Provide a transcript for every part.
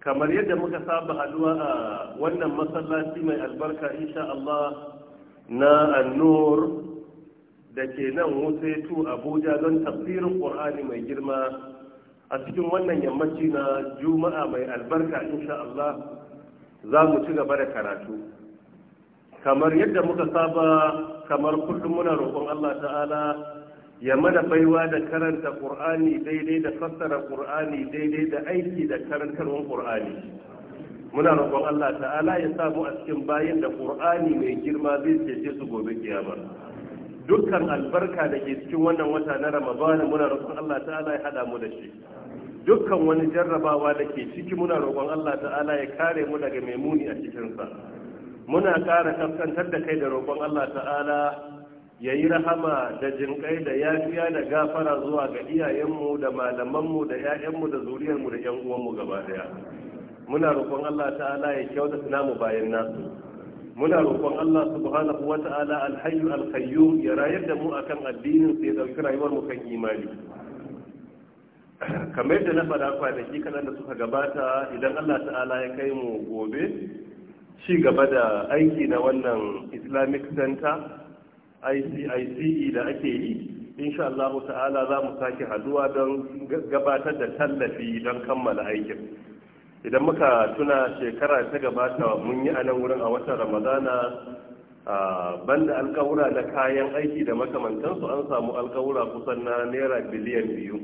kamar yadda muka saba haduwa a wannan masallaci mai albarka insha Allah na annur da ke nan wusetu abuja don tafsirin ƙur'ani mai girma a cikin wannan yammaci na juma'a mai albarka insha Allah za mu ci gaba da karatu kamar yadda muka saba kamar kullum muna roƙon Allah ta'ala ya mana baiwa da karanta ƙur'ani daidai da fassara ƙur'ani daidai da aiki da karantarwar ƙur'ani muna roƙon Allah ta'ala ya samu a cikin bayan da ƙur'ani mai girma zai cece su gobe kiyama dukkan albarka da ke cikin wannan wata na ramadana muna roƙon Allah ta'ala ya hada mu da shi dukkan wani jarrabawa da ke ciki muna roƙon Allah ta'ala ya kare mu daga maimuni muni a cikinsa muna ƙara kaskantar da kai da roƙon Allah ta'ala ya yi rahama da jinƙai da yafiya da gafara zuwa ga iyayenmu da malamanmu da 'ya'yanmu da zuriyarmu da 'yan uwanmu gaba daya muna roƙon Allah ta'ala ya kyauta namu bayan nasu muna roƙon Allah subhanahu wa ta'ala alhayyu alqayyum ya rayar da mu akan addinin sai dauki rayuwar mu kan imani kamar yadda na faɗa kwanaki da suka gabata idan Allah ta'ala ya kai mu gobe ci gaba da aiki na wannan islamic center ICE da ake yi insha Allah ta'ala za mu sake haduwa don gabatar da tallafi don kammala aikin idan muka tuna shekara ta gabata mun yi a nan wurin a watan ramadana banda alkawura na kayan aiki da makamantansu an samu alkawura kusan na naira biliyan biyu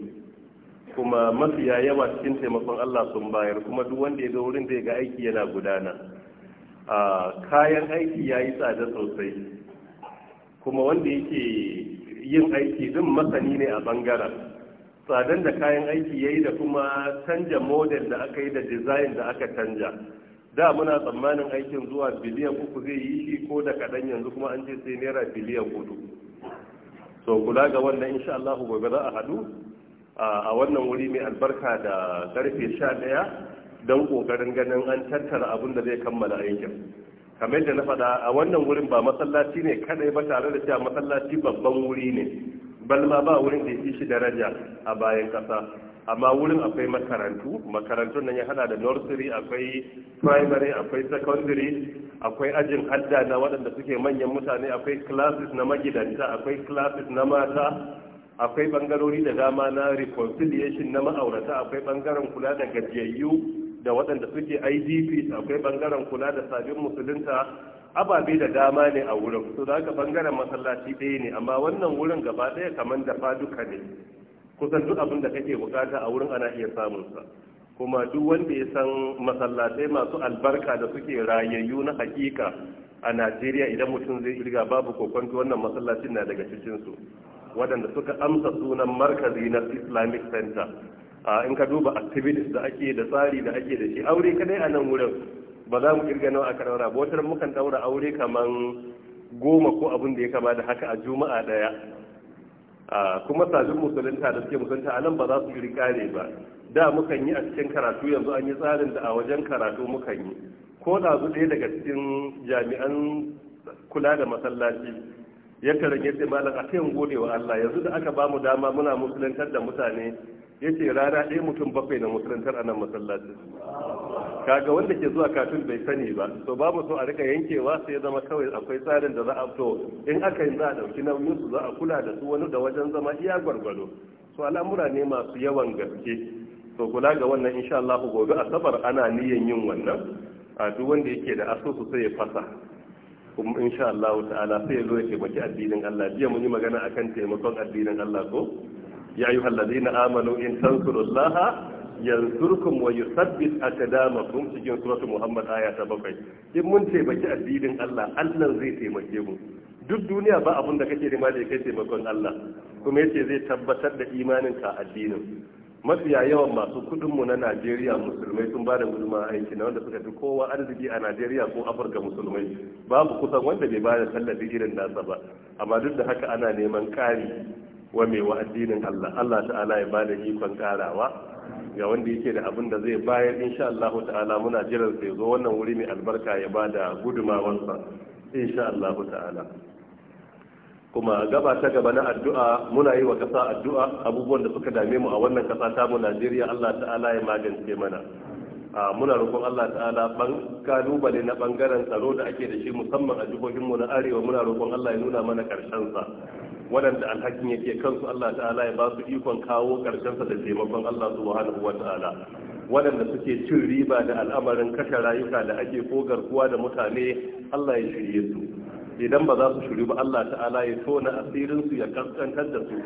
kuma mafiya yawa cikin taimakon Allah sun bayar kuma duk wanda ya ga wurin da ya ga aiki yana gudana kayan aiki ya yi tsada sosai kuma wanda yake yin aiki din masani ne a bangaren tsadan da kayan aiki ya yi da kuma canja model da aka yi da design da aka canja da muna tsammanin aikin zuwa biliyan uku zai yi shi ko da kaɗan yanzu kuma an ce sai naira biliyan hudu so kula ga wannan insha Allah gobe za a haɗu a wannan wuri mai albarka da karfe sha ɗaya don ƙoƙarin ganin an tattara abin da zai kammala aikin kamar da na faɗa a wannan wurin ba masallaci ne kadai ba tare da cewa masallaci babban wuri ne balma ba wurin da yake shi daraja a bayan kasa amma wurin akwai makarantu makarantun nan ya hada da nursery akwai primary akwai secondary akwai ajin hadda na waɗanda suke manyan mutane akwai classes na magidanta akwai classes na mata akwai bangarori da dama na reconciliation na ma'aurata akwai bangaren kula da gajiyayyu da waɗanda suke idp akwai bangaren kula da sabbin musulunta ababe da dama ne a wurin su da ka bangaren masallaci ɗaya ne amma wannan wurin gaba ɗaya kamar da faduka ne kusan duk abin da kake bukata a wurin ana iya samunsa kuma duk wanda ya san masallatai masu albarka da suke rayayyu na hakika a najeriya idan mutum zai riga babu kokonto wannan masallacin na daga cikin su waɗanda suka amsa sunan markazi na islamic center in ka duba activities da ake da tsari da ake da shi aure kadai a nan wurin ba za mu kirga nawa aka daura ba wata mukan daura aure kaman goma ko abin da ya kama da haka a juma'a daya kuma sabbin musulunta da suke musulunta a nan ba za su yi rikare ba da mukan yi a cikin karatu yanzu an yi tsarin da a wajen karatu mukan yi ko da su ɗaya daga cikin jami'an kula da masallaci yakan rage sai malam a kan gode wa Allah yanzu da aka bamu dama muna musulantar da mutane yace rana ɗaya mutum bakwai na musulantar a nan masallaci kaga wanda ke zuwa kafin bai sani ba to mu so a rika yankewa sai ya zama kawai akwai tsarin da za a to in aka yi za a ɗauki nauyin su za a kula da su wani da wajen zama iya gwargwado to al'amura ne masu yawan gaske to kula ga wannan insha Allah gobe asabar ana niyan yin wannan a duk wanda yake da asusu sai ya fasa kuma insha Allah ta'ala sai zo ya taimaki addinin Allah jiya mun yi magana akan taimakon addinin Allah ko ya ayyuhal ladina amanu in tansurullaha yansurkum wa yusabbit aqdamakum cikin suratul Muhammad aya ta bakwai in mun taimaki addinin Allah Allah zai taimake mu duk duniya ba abin da kake nema da kai taimakon Allah kuma yace zai tabbatar da imaninka addinin mafiya yawan masu kudinmu na najeriya musulmai sun ba da gudunmawar aiki na wanda suka fi kowa arziki a najeriya ko afirka musulmai babu kusan wanda bai ba da tallafi irin nasa ba amma duk da haka ana neman kari wa mai wa addinin allah allah ta'ala ya ba da ikon karawa ga wanda yake da abin da zai bayar insha allah ta'ala muna jiran sai zo wannan wuri mai albarka ya ba da gudumawarsa insha allah ta'ala kuma gaba ta gaba na addu'a muna yi wa kasa addu'a abubuwan da suka dame mu a wannan kasa ta mu Najeriya Allah ta'ala ya magance mana muna roƙon Allah ta'ala ban kalubale na bangaren tsaro da ake da shi musamman a jihohin mu na arewa muna roƙon Allah ya nuna mana karshen sa waɗanda alhakin yake kansu Allah ta'ala ya ba su ikon kawo karshen sa da taimakon Allah subhanahu wa ta'ala waɗanda suke cin riba da al'amarin kashe rayuka da ake ko garkuwa da mutane Allah ya shirye su idan ba za su shuri ba Allah ta'ala ya tona asirinsu ya kaskantar da su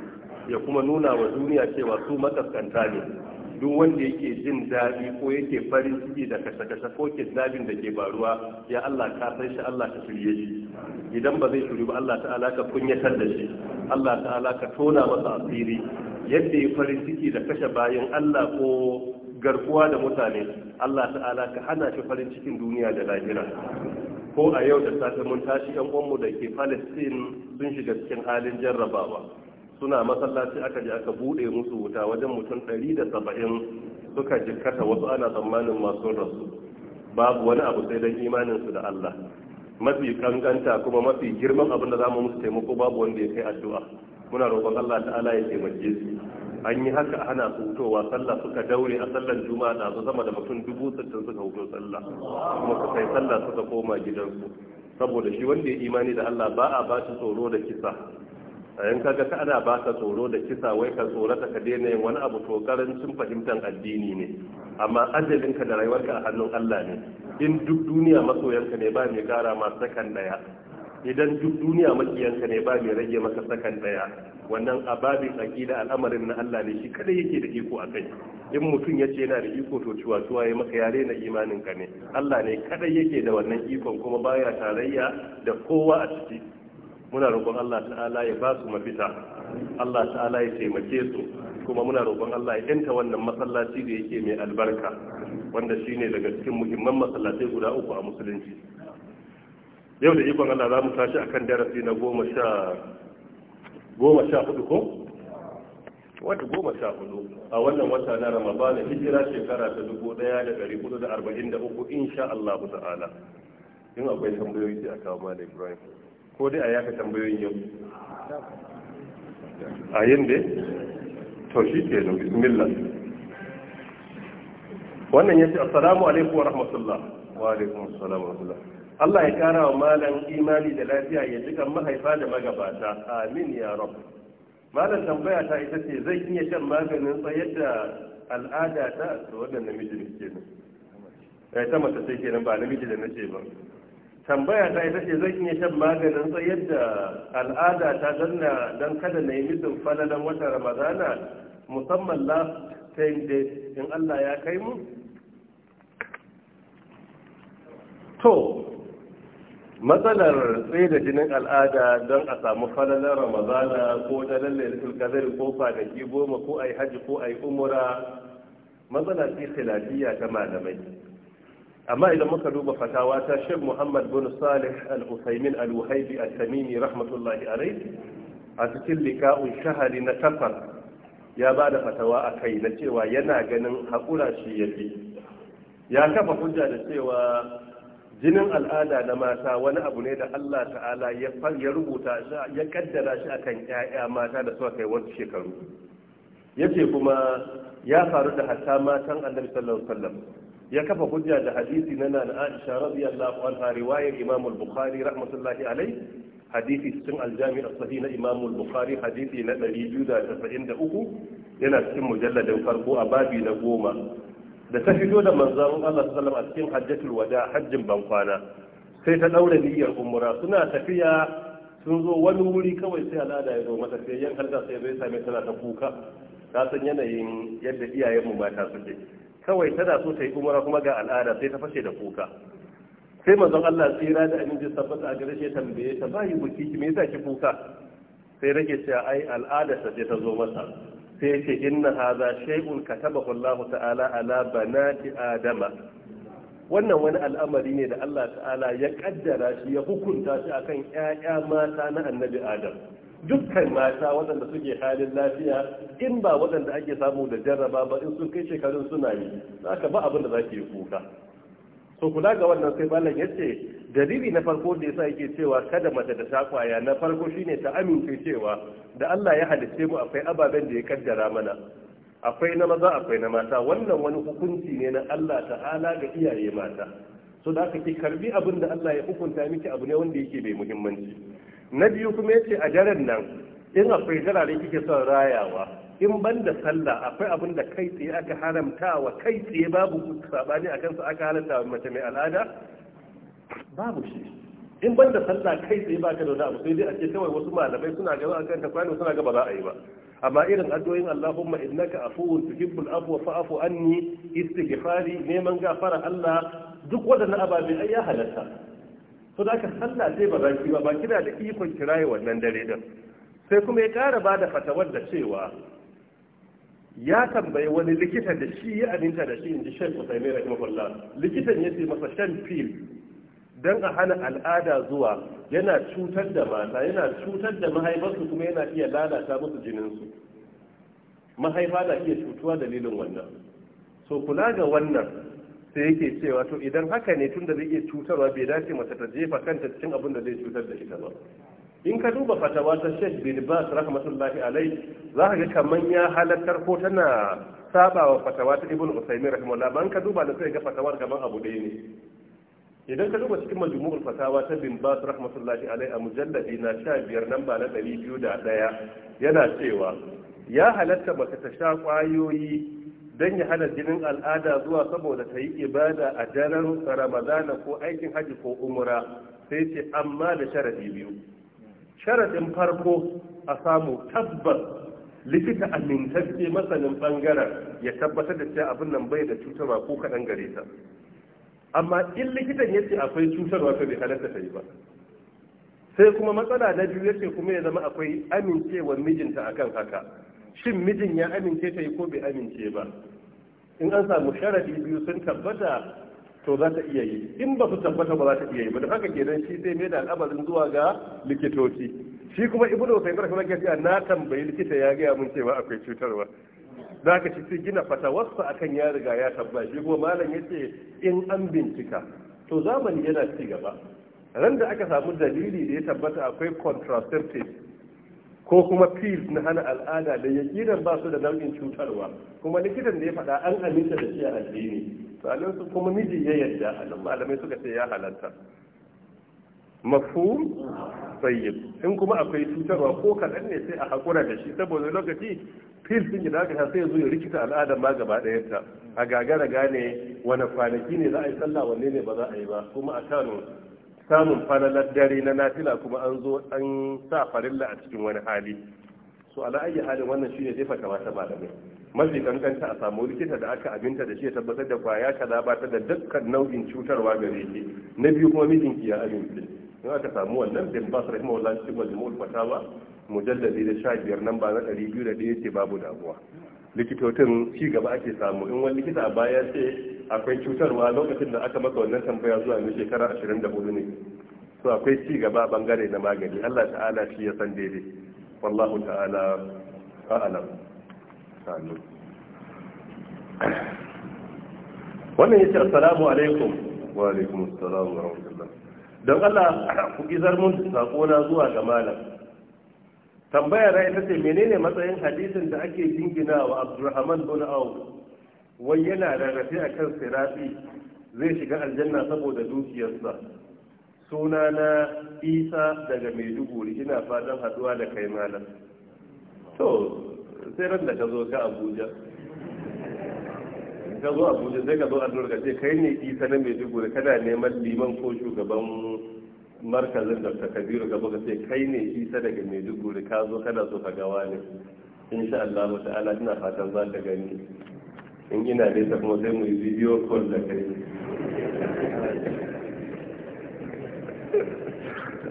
ya kuma nuna wa duniya cewa su makaskanta ne duk wanda yake jin daɗi ko yake farin ciki da kashe-kashe ko daɗin da ke baruwa ya Allah ka san shi Allah ka shirye shi idan ba zai shuri ba Allah ta'ala ka kunyatar da shi Allah ta'ala ka tona masa asiri yadda ya farin ciki da kashe bayan Allah ko garkuwa da mutane Allah ta'ala ka hana shi farin cikin duniya da lahira ko a yau da safe mun tashi yan uwanmu da ke palestine sun shiga cikin halin jarrabawa suna masallaci aka je aka bude musu wuta wajen mutum ɗari da saba'in suka jikkata wasu ana tsammanin masu rasu babu wani abu sai don su da allah mafi kankanta kuma mafi girman abin da za mu musu taimako babu wanda ya kai addu'a muna roƙon allah ta'ala ya taimake su an yi haka ana su hutowa sallah suka daure a sallar juma'a da su sama da mutum dubu sittin suka huto sallah kuma su kai sallah suka koma gidansu saboda shi wanda ya imani da Allah ba a ba shi tsoro da kisa yan kaga ka ana ba ka tsoro da kisa wai ka tsorata ka daina yin wani abu to karancin fahimtar addini ne amma ka da rayuwarka a hannun Allah ne in duk duniya masoyanka ne ba mai kara ma sakan daya idan duk duniya makiyanka ne ba mai rage maka sakan daya wannan ababin akida al'amarin na Allah ne shi kada yake da iko a kai in mutum ya ce yana da iko to cewa ciwa ya maka yare na imanin ka ne Allah ne kada yake da wannan ikon kuma baya tarayya da kowa a ciki muna roƙon Allah ta'ala ya ba su mafita Allah ta'ala ya taimake su kuma muna roƙon Allah ya yanta wannan masallaci da yake mai albarka wanda shine daga cikin muhimman masallatai guda uku a musulunci yau da ikon Allah za mu tashi kan darasi na goma sha goma sha hudu ko wata goma sha hudu a wannan wata na ramadana hijira shekara ta dubu daya da dari hudu da arba'in da uku insha Allah ta'ala in akwai tambayoyi sai a kawo malam ibrahim ko dai a yaka tambayoyin yau a yin dai to shi ke nan bismillah wannan yace assalamu alaikum wa rahmatullah wa alaikum assalamu wa rahmatullah Allah ya kara wa malam imani da lafiya ya jikan mahaifa da magabata amin ya rab malam tambaya ta ita ce zai iya shan maganin tsayar da al'ada ta da wannan namiji Ya kenan eh ta mace ce kenan ba namiji da nace ba tambaya ta ita ce zai iya shan maganin tsayar da al'ada ta danna don kada na yi mitin falalan watan ramadana musamman last 10 days in Allah ya kai mu to matsalar tsaye da jinin al'ada don a samu falalar ramadana ko na lallai kadari ko kwanaki goma ko a yi hajji ko a yi umura matsala ce khilafiya ta malamai amma idan muka duba fatawa ta shek muhammad bin salih al-usaimin al-wuhaibi a tamimi rahmatullahi a rai, a cikin lika'un shahari na takwas ya ba da fatawa a kai na cewa yana ganin haƙura shi ya fi ya kafa hujja da cewa jinin al'ada na mata wani abu ne da Allah ta'ala ya rubuta ya kaddara shi akan ƴaƴa mata da suka kai wasu shekaru yace kuma ya faru da hatta matan Annabi sallallahu alaihi wasallam ya kafa hujja da hadisi na Nana Aisha radiyallahu anha riwayar Imam al-Bukhari rahmatullahi alayh hadisi cikin aljami'a jami sahih na Imam al-Bukhari hadisi na 293 yana cikin mujalladin farko a babi na goma da ta fito da manzon Allah sallallahu alaihi cikin hajjatul wada hajjin bankwana sai ta daura niyyar umra suna tafiya sun zo wani wuri kawai sai al'ada ya zo mata sai yan halda sai zai same tana ta kuka ta san yanayin yadda iyayen mu mata suke kawai tana so ta yi umra kuma ga al'ada sai ta fashe da kuka sai manzon Allah tsira da aminci sabbata a gare shi tambaye ta bayi buki me yasa ki kuka sai rage cewa ai al'ada ta ta zo masa sai ce inna haza shay'un katabahu Allah ta'ala ala banati adama wannan wani al'amari ne da Allah ta'ala ya kaddara shi ya hukunta shi akan ƴaƴa mata na annabi adam dukkan mata waɗanda suke halin lafiya in ba waɗanda ake samu da jarraba ba in sun kai shekarun suna yi za ka ba abin da za ki yi kuka to kula ga wannan sai malam ya ce dalili na farko da yasa yake cewa kada mace da takwaya na farko shine ta amince cewa da Allah ya halicce mu akwai ababen da ya kaddara mana akwai na maza akwai na mata wannan wani hukunci ne na Allah ta'ala ga iyaye mata so da ki karbi abin da Allah ya hukunta miki abu ne wanda yake bai muhimmanci na biyu kuma yace a daren nan in akwai jarare kike son rayawa in ban da sallah akwai abin da kai tsaye aka haramta wa kai tsaye babu sabani a kansa aka halatta wa mace mai al'ada babu shi in ban da sallah kai tsaye ba ka da abu sai dai a ce kawai wasu malamai suna gaba a kanta kwano suna gaba za a yi ba amma irin addu'o'in Allahumma innaka afuwun tuhibbul afwa fa'fu anni istighfari neman gafara Allah duk waɗannan ababe ai ya halatta to da ka sallah sai ba zaki ba ba kina da ikon kiraye wannan dare din sai kuma ya ƙara ba da fatawar da cewa ya tambayi wani likita da shi ya aminta da shi in ji shan kusa mai rahimahullah likitan ya ce masa shan fil don a hana al'ada zuwa yana cutar da mata yana cutar da mahaifarsu kuma yana iya lalata musu jininsu mahaifa na iya cutuwa dalilin wannan so kula ga wannan sai yake cewa to idan haka ne tun da zai iya cutarwa bai dace mace ta jefa kanta cikin abin da zai cutar da ita ba in ka duba fatawa ta Sheikh bin Bas rahmatullahi alai za ka ga kaman ya halattar ko tana saba wa fatawa ta Ibn Usaymin rahimahullah ban ka duba da sai ga fatawar gaban abu ɗaya ne idan ka duba cikin majmu'ul fatawa ta bin Bas rahmatullahi alai a mujalladi na 15 namba na 201 yana cewa ya halatta mace ta sha kwayoyi dan ya hana jinin al'ada zuwa saboda ta yi ibada a daren ramadana ko aikin hajji ko umura sai ce amma da sharadi biyu sharaɗin farko a samu tabbas likita amintacce masanin bangaren ya tabbatar da cewa abin nan bai da cutarwa ko kaɗan gare ta amma in likitan ya ce akwai cutarwa ta bai halatta ta yi ba sai kuma matsala na biyu ya ce kuma ya zama akwai amincewar mijinta akan haka shin mijin ya amince ta yi ko bai amince ba in an samu sharadi biyu sun tabbata to za ta iya yi in ba su tabbata ba za ta iya yi ba da haka kenan shi sai mai da al'amarin zuwa ga likitoci shi kuma da sai barka maka cewa na tambayi likita ya gaya mun cewa akwai cutarwa za ka ci gina fatawarsa kan ya riga ya tabba shi kuma malam ya ce in an bincika to zamani yana ci gaba ran da aka samu dalili da ya tabbata akwai contraceptive ko kuma pills na hana al'ada da yakinan ba su da nau'in cutarwa kuma likitan da ya faɗa an aminta da shi a addini sannan su kuma miji ya yarda a malamai suka ce ya halatta mafhum tayyib in kuma akwai cutarwa ko kaɗan ne sai a hakura da shi saboda lokaci pills din da aka sai zo ya rikita al'ada ma gaba ta a gagara gane wani kwanaki ne za a yi sallah wanne ne ba za a yi ba kuma a kano samun falalar dare na nafila kuma an zo an sa farilla a cikin wani hali so ala ayyi halin wannan shine zai fata mata malamai mafi kankanta a samu likita da aka abinta da shi ya tabbatar da kwaya ka ba ta da dukkan nau'in cutarwa gare shi na biyu kuma mijinki ya amince in aka samu wannan bin bas wallahi cikin majmu'ul fatawa mujalladi da sha biyar nan ba na ɗari biyu da ɗaya ce babu damuwa likitocin ci gaba ake samu in wani likita a baya ce akwai cutarwa lokacin da aka maka wannan tambaya zuwa ne shekara 24 ne so akwai ci gaba bangare na magani Allah ta'ala shi ya san daidai wallahu ta'ala a'lam sanu wannan yace assalamu alaikum wa alaikum assalam wa rahmatullah don Allah ku izar mun sako na zuwa ga malam tambayar ita ce menene matsayin hadisin da ake jingina wa Abdulrahman bin Auf wai yana rarrafe a kan sirafi zai shiga aljanna saboda dukiyarsa suna na isa daga maiduguri ina fatan haduwa da kai malam to sai ran da ka zo ka abuja ka zo abuja sai ka zo an ka ce kai ne isa na maiduguri kana neman liman ko shugaban markazin da kabiru gaba ka ce kai ne isa daga maiduguri ka zo kana so ka gawa ne insha Allah ta'ala ina fatan za ka gani in gina nesa kuma sai mu yi bidiyo call da kai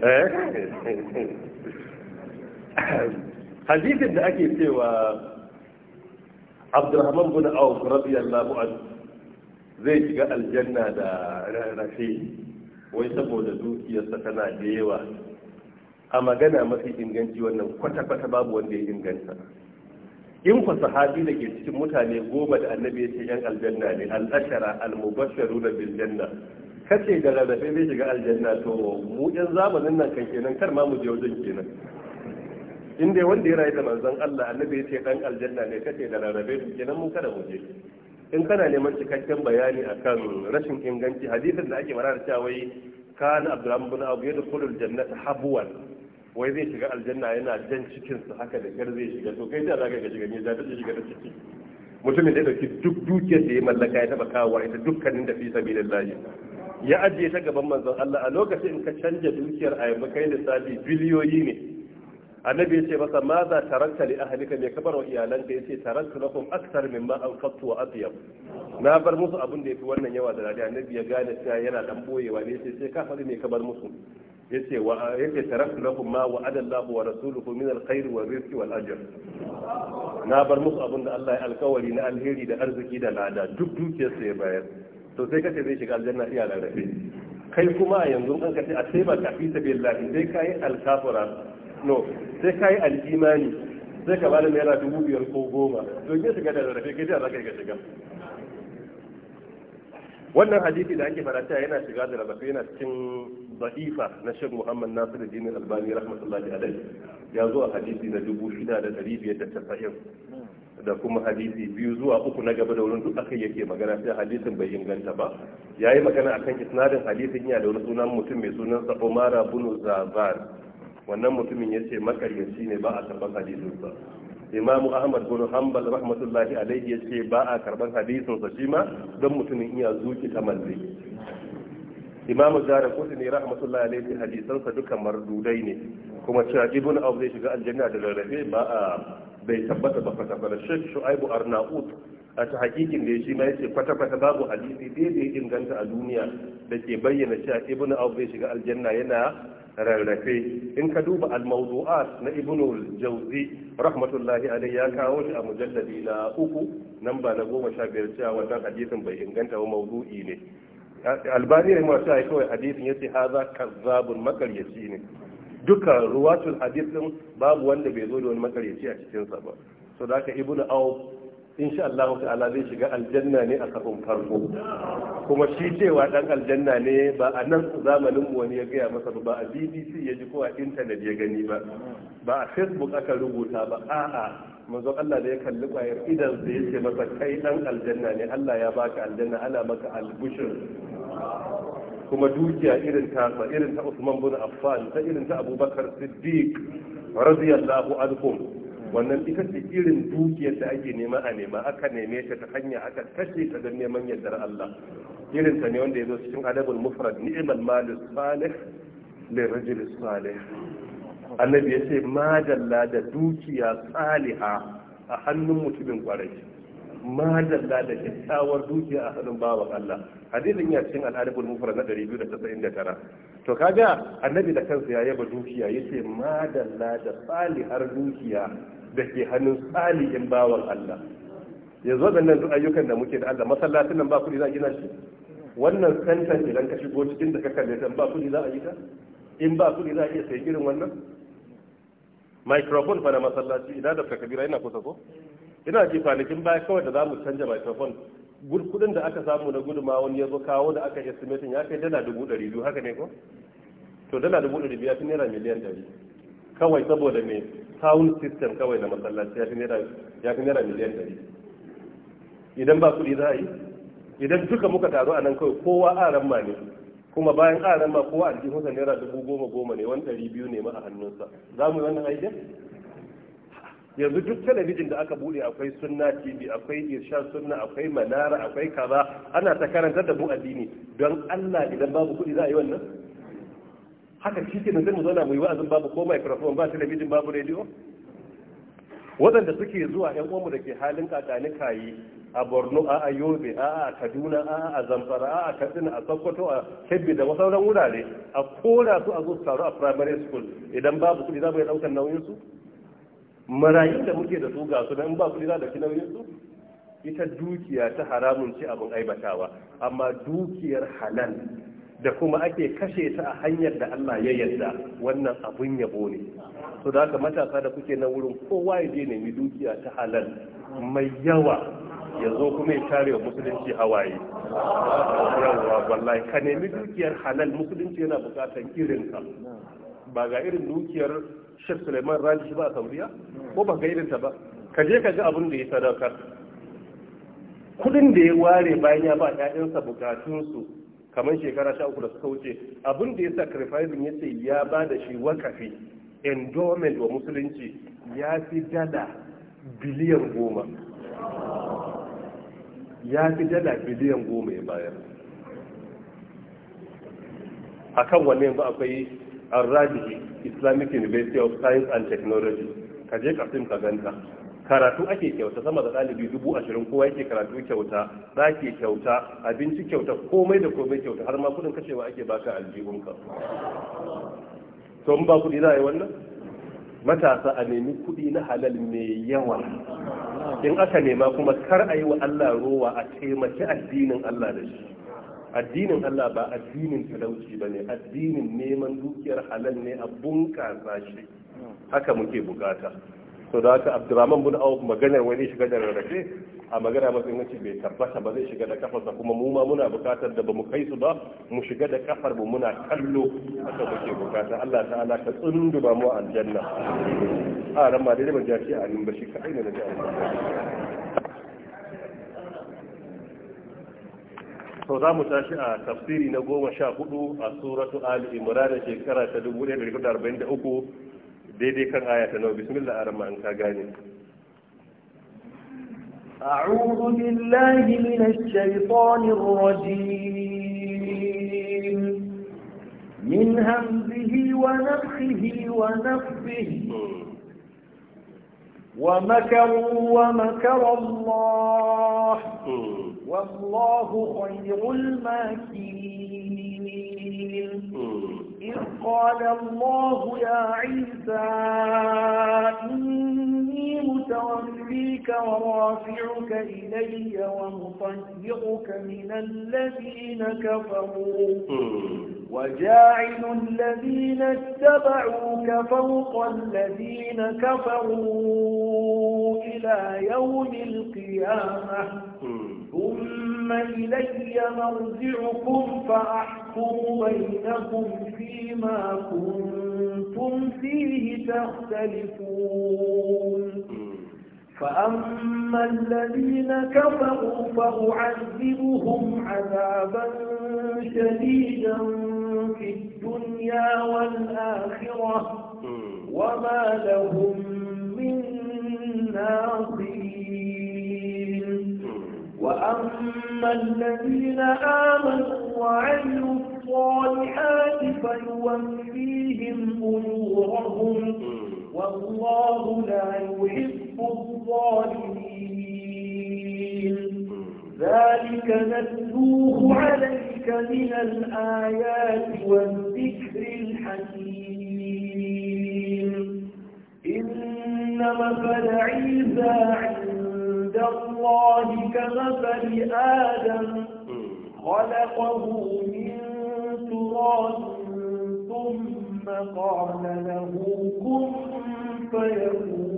eh? hadisin da ake cewa abdurrahman bin auf radiyallahu anhu zai shiga aljanna da rarrafe wai saboda dukiyarsa tana da yawa a magana mafi inganci wannan kwata-kwata babu wanda ya inganta in ku sahabi da ke cikin mutane goma da annabi ya ce yan aljanna ne al'ashara al-mubasharu da biljanna kace da rarrafe zai shiga aljanna to mu yan zamanin nan kan kenan kar ma mu je wajen kenan in wanda ya rayu da manzon Allah annabi ya ce dan aljanna ne kace da rarrafe kenan mun kada mu je in kana neman cikakken bayani akan rashin inganci hadisin da ake marar cewa wai kan abdurrahman bin abu yadkhulul jannata habwan wai zai shiga aljanna yana jan cikin cikinsa haka da gar zai shiga to kai da za ka shiga ne za ta shiga da ciki mutumin da dauki duk dukiyar da ya mallaka ya taba kawo ita dukkanin da fi sabilillahi ya ajiye ta gaban manzon Allah a lokacin ka canja dukiyar a yamma kai sabi biliyoyi ne annabi ya ce masa ma za tarakta li ahlika me kabar wa iyalanka yace taraktu lakum akthar mimma anfaqtu wa atyab na bar musu abin da yafi wannan yawa da dadi annabi ya gane cewa yana dan boyewa ne sai sai ka faɗi me kabar musu yace wa yake taraktu lakum ma wa adallahu wa rasuluhu min alkhair wa rizqi wal ajr na bar muku abin da Allah ya alkawari na alheri da arziki da lada duk dukiyar sa ya bayar to sai kace zai shiga aljanna iya rarrafe kai kuma yanzu an kace a sai ba ka fi billahi dai kai alkafara no sai kai alimani sai ka bada naira dubu biyar ko goma to ke shiga da rarrafe kai da za ka shiga wannan hadisi da ake faranta yana shiga da rarrafe yana cikin da'ifa na Sheikh Muhammad Nasir Din Albani rahmatullahi alaihi ya zo a hadisi na 6590 da kuma hadisi biyu zuwa uku na gaba da wurin duk akai yake magana sai hadisin bai inganta ba yayi magana akan isnadin hadisin yana da wani sunan mutum mai sunan sa umar bin Zaban wannan mutumin yace makaryaci ne ba a karban hadisin sa imamu ahmad bin hanbal rahmatullahi alaihi yace ba a karban hadisin sa shi ma don mutumin iya zuki ta manzi imam zara kudu ne rahmatullahi alaihi hadisansa duka mardudai ne kuma cewa ibn abu zai shiga aljanna da rarrafe ba a bai tabbata ba kwata shu'aibu arnaud a ta hakikin da shi ma yace kwata kwata babu hadisi daidai inganta a duniya da ke bayyana cewa ibn abu zai shiga aljanna yana rarrafe in ka duba al-mawdu'at na ibn al-jawzi rahmatullahi alayhi ya kawo shi a mujalladi na uku namba na goma sha biyar cewa wannan hadisin bai inganta ba mawdu'i ne albani ne masu aiki kawai hadisin yace haza kazzabun makaryaci ne duka ruwatul hadith babu wanda bai zo da wani makaryaci a cikin sa ba so da ka ibnu aw insha Allah ta'ala zai shiga aljanna ne a kafin farko kuma shi cewa dan aljanna ne ba a nan zamanin mu wani ya gaya masa ba a BBC ya ji ko a internet ya gani ba ba a Facebook aka rubuta ba a'a manzon Allah da ya kalli kwayar idan sai ya ce masa kai dan aljanna ne Allah ya baka aljanna ana maka albushir kuma dukiya irin ta irin ta Usman bin Affan ta irin ta Abubakar Siddiq radiyallahu anhum wannan ita ce irin dukiyar da ake nema a nema aka neme ta ta hanya aka kashe ta don neman yardar Allah irin ta ne wanda ya zo cikin adabul mufrad ni'mal malus salih rajul salih annabi ya ce madalla da dukiya saliha a hannun mutumin kwarai madalla da kyakkyawar dukiya a hannun bawan Allah hadisin ya cikin al'adabul mufrad na 299 to kaga annabi da kansa ya yaba dukiya yace madalla da har dukiya da ke hannun in bawan Allah yanzu wannan duk ayyukan da muke da Allah masallacin nan ba kuɗi za a gina shi wannan santan idan ka shigo cikin da ka kalle ta ba kuɗi za a yi ta in ba kuɗi za a iya sayi irin wannan microphone fa da masallaci idan da kabira yana kusa ko ina ji kwanakin baya kawai da za mu canja microphone kudin da aka samu na guduma wani ya zo kawo da aka estimating ya kai dala dubu ɗari biyu haka ne ko to dala dubu ɗari biyu ya fi naira miliyan ɗari kawai saboda mai sound system kawai na masallaci ya fi naira miliyan ɗari idan ba kuɗi za a yi idan duka muka taru a nan kawai kowa a ma ne kuma bayan a ma kowa aljihunsa naira dubu goma goma ne wani ɗari biyu ne ma a hannunsa za mu yi wannan aikin yanzu duk talabijin da aka bude akwai sunna tv akwai irsha sunna akwai manara akwai kaza ana ta karantar da mu addini don allah idan babu kuɗi za a yi wannan haka shi ke sai mu zauna mu yi wa'azin babu ko microphone ba talabijin babu rediyo waɗanda suke zuwa yan uwanmu da ke halin kakani kayi a borno a yobe a kaduna a zamfara a katsina a sokoto a kebbi da sauran wurare a kora su a zo su taru a primary school idan babu kuɗi za mu yi ɗaukar nauyin su marayun da muke da su ga su nan ba su za da nauyin su ita dukiya ta haramun ce abin aibatawa amma dukiyar halal da kuma ake kashe ta a hanyar da Allah ya yarda wannan abun yabo ne to da haka matasa da kuke na wurin kowa ya je nemi dukiya ta halal mai yawa ya zo kuma ya tare wa musulunci hawaye yawa, wallahi ka nemi dukiyar halal musulunci yana bukatar irin ka ba ga irin dukiyar Sheikh Suleiman Raji ba a Saudiya ko ba ga irin ta ba ka je ka ga abin da ya sadaukar kudin da ya ware bayan ya ba ƴaƴansa su kamar shekara sha uku da suka wuce abin da ya sacrificing yace ya ba da shi wakafi endowment wa musulunci ya fi dala biliyan goma ya fi dala biliyan goma ya bayar a kan wannan ba akwai arrabihi islamic university of science and technology ka je kasim ka ganta karatu ake kyauta sama da ɗalibi dubu ashirin kowa yake karatu kyauta ɗaki kyauta abinci kyauta komai da komai kyauta har ma kudin kashewa ake baka aljihunka to in ba kudi za a yi wannan matasa a nemi kudi na halal mai yawa in aka nema kuma kar a yi wa Allah rowa a taimaki addinin Allah da shi addinin Allah ba addinin talauci ba ne addinin neman dukiyar halal ne a bunƙasa shi haka muke bukata to da haka abdurrahman bin auf maganar wani shiga da rarrafe a magana matsayin wacce bai tabbata ba zai shiga da kafarsa kuma mu ma muna bukatar da bamu kai su ba mu shiga da kafar mu muna kallo haka muke bukata Allah ta'ala ka tsunduba mu aljanna a ran ma dai ban ji a amin ba shi kai ne da ji to za mu tashi a tafsiri na goma sha hudu a suratu ali imran shekara ta dubu ɗaya da arba'in da uku daidai kan aya ta nawa bismillah arama an ka gane أعوذ بالله من الشيطان الرجيم من همزه ونفخه ونفخه ومكروا ومكر الله والله خير الماكرين إذ قال الله يا عيسى إني متوفيك ورافعك إلي ومطيرك من الذين كفروا وجاعل الذين اتبعوك فوق الذين كفروا إلى يوم القيامة ثم إلي مرجعكم فأحكم بينكم فيما كنتم فيه تختلفون فأما الذين كفروا فأعذبهم عذابا شديدا في الدنيا والآخرة وما لهم من ناصرين وأما الذين آمنوا وعملوا الصالحات فيوفيهم أجورهم والله لا يحب الظالمين ذلك نتلوه عليك من الآيات والذكر الحكيم إن مثل عيسى عند الله كمثل آدم خلقه من تراب ثم قال له كن فيكون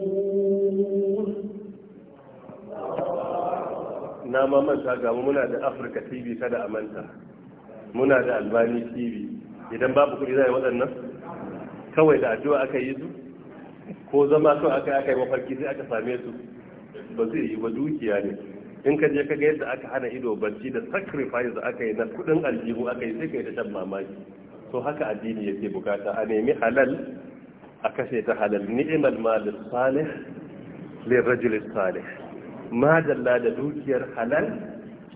na ma manta ga muna da afirka tv kada a manta muna da albani tv idan babu kuɗi zai a waɗannan kawai da addu'a aka yi su ko zama to aka aka yi mafarki sai aka same su ba zai yi ba dukiya ne in ka je ka ga yadda aka hana ido barci da sacrifice da aka yi na kuɗin aljihu aka yi sai ka yi ta shan mamaki to haka addini yake bukata a nemi halal a kashe ta halal ni'imal mal salih lirajul salih madalla da dukiyar halal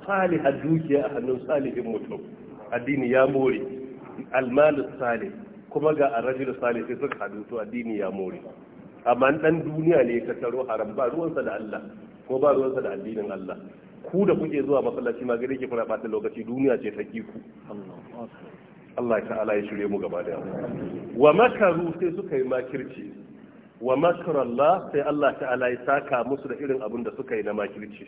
saliha dukiya a hannun salihin mutum addini ya more Almalus salih kuma ga arrajul salih sai suka hadu to addini ya more amma dan duniya ne ka taro haram ba ruwansa da Allah ko ba ruwansa da addinin Allah ku da kuke zuwa masallaci ma gare ki kuna bata lokaci duniya ce ta kiku ku Allah ta'ala ya shirye mu gaba da wa makaru sai suka yi makirci wa makarallah sai Allah ta'ala ya saka musu da irin abin da suka yi na makirci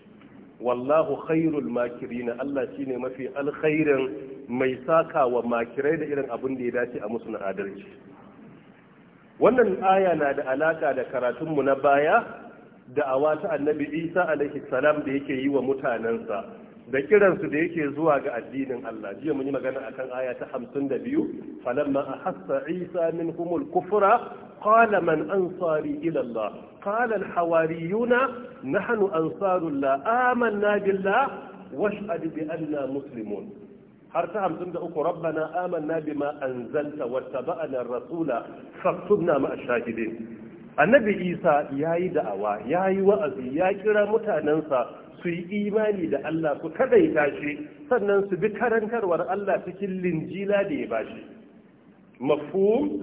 wallahu khairul makirina Allah shine mafi alkhairin mai saka wa makirai da irin abin da ya dace a musu na adalci wannan aya na da alaka da karatunmu na baya da ta annabi isa alaihi salam da yake yi wa mutanensa da kiransu da yake zuwa ga addinin Allah jiya mun yi magana akan aya ta 52 falamma ahassa isa minhumul kufra qala man ansari ila Allah qala al hawariyuna nahnu ansarullah amanna billah washhad bi anna muslimun har ta 53 rabbana amanna bima anzalta wattaba'na ar-rasula faktubna ma'a shahidin annabi isa ya yi da'awa ya yi wa'azi ya kira mutanensa su yi imani da allah su kadaita shi sannan su bi karantarwar allah cikin linjila da ya ba shi. Mafu,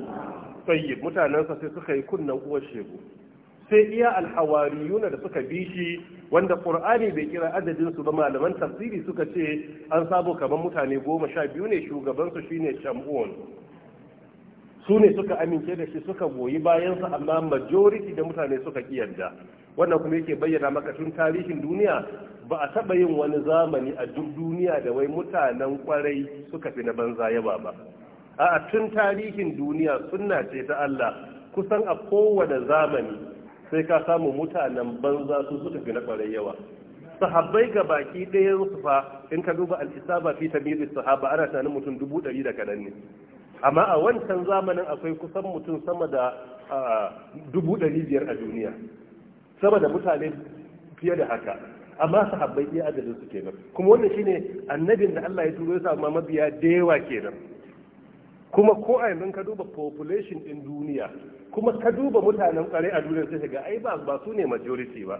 tsayyib mutanensa sai suka yi kunnen uwar shegu sai iya alhawariyuna da suka bi shi wanda ƙur'ani bai kira adadinsu ba malaman tafsiri suka ce an sabo kamar mutane goma sha biyu ne shugabansu shine shamun su ne suka amince da shi suka goyi bayansa amma majority da mutane suka kiyarda wannan kuma yake bayyana maka tun tarihin duniya ba a taɓa yin wani zamani a duk duniya da wai mutanen kwarai suka fi na banza yawa ba a tun tarihin duniya sunna ce ta Allah kusan a kowane zamani sai ka samu mutanen banza su suka fi na kwarai yawa sahabbai ga baki ɗayan su fa in ka duba al-isaba fi tamyiz sahaba ana tunanin mutum dubu ɗari da kadanne ne amma a wancan zamanin akwai kusan mutum sama da dubu ɗari biyar a duniya sama da mutane fiye da haka amma su sahabbai iya adadin su kenan kuma wannan shine annabin da Allah ya turo ya samu mabiya da yawa kenan kuma ko a yanzu ka duba population din duniya kuma ka duba mutanen kare a duniya sai ga ai ba ba su ne majority ba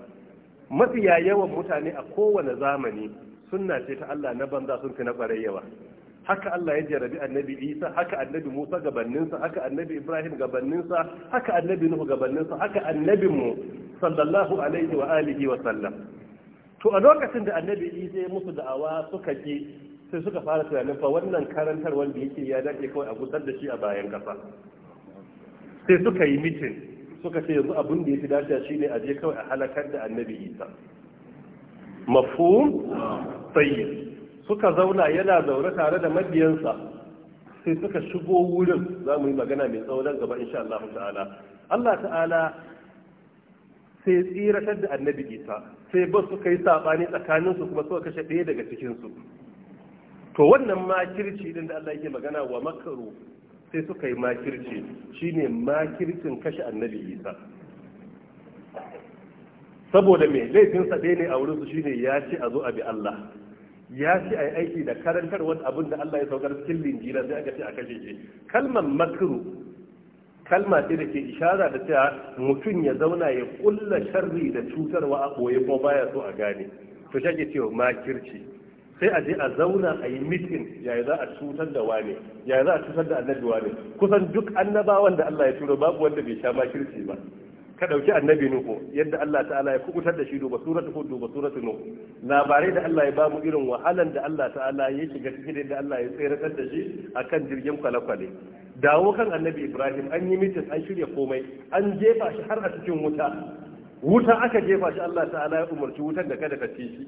mafiya yawan mutane a kowane zamani sunna ce ta Allah na banza sun fi na kwarai yawa haka Allah ya jarabi annabi Isa haka annabi Musa sa, haka annabi Ibrahim sa, haka annabi Nuhu sa, haka mu, sallallahu alaihi wa alihi wa sallam to a lokacin da annabi Isa ya musu da'awa suka ji sai suka fara tunanin fa wannan karantar wanda yake ya dace kawai a gusar da shi a bayan kasa sai suka yi mitin suka ce yanzu abin da ya dace shine a je kawai a halakar da annabi Isa mafhum tayyib suka zauna yana zaune tare da mabiyansa sai suka shigo wurin za mu yi magana mai tsawon gaba insha Allah ta'ala Allah ta'ala sai tsiratar da annabi isa sai ba suka yi saɓani tsakaninsu kuma suka kashe ɗaya daga cikinsu to wannan makirci din da Allah yake magana wa makaru sai suka yi makirci shine makircin kashe annabi isa saboda mai laifinsa ɗaya ne a wurinsu shine ya ce a zo a bi Allah ya ci a aiki da karantarwar abin da Allah ya saukar cikin linjira sai aka ce a kashe shi kalmar makru kalma ce da ke ishara da cewa mutum ya zauna ya kulla sharri da cutarwa a koyi ko baya so a gane to shake cewa makirci sai a je a zauna a yi mitin yaya za a cutar da wane yaya za a cutar da annabi wane kusan duk annabawan da Allah ya turo babu wanda bai sha makirci ba ka ɗauki annabi nuhu yadda Allah ta'ala ya kubutar da shi duba suratu hud duba suratu nuh labarai da Allah ya ba mu irin wahalan da Allah ta'ala ya shiga cikin da Allah ya tseratar da shi akan jirgin kwale-kwale dawo kan annabi Ibrahim an yi mitin an shirya komai an jefa shi har a cikin wuta wuta aka jefa shi Allah ta'ala ya umarci wutan da kada ka ci shi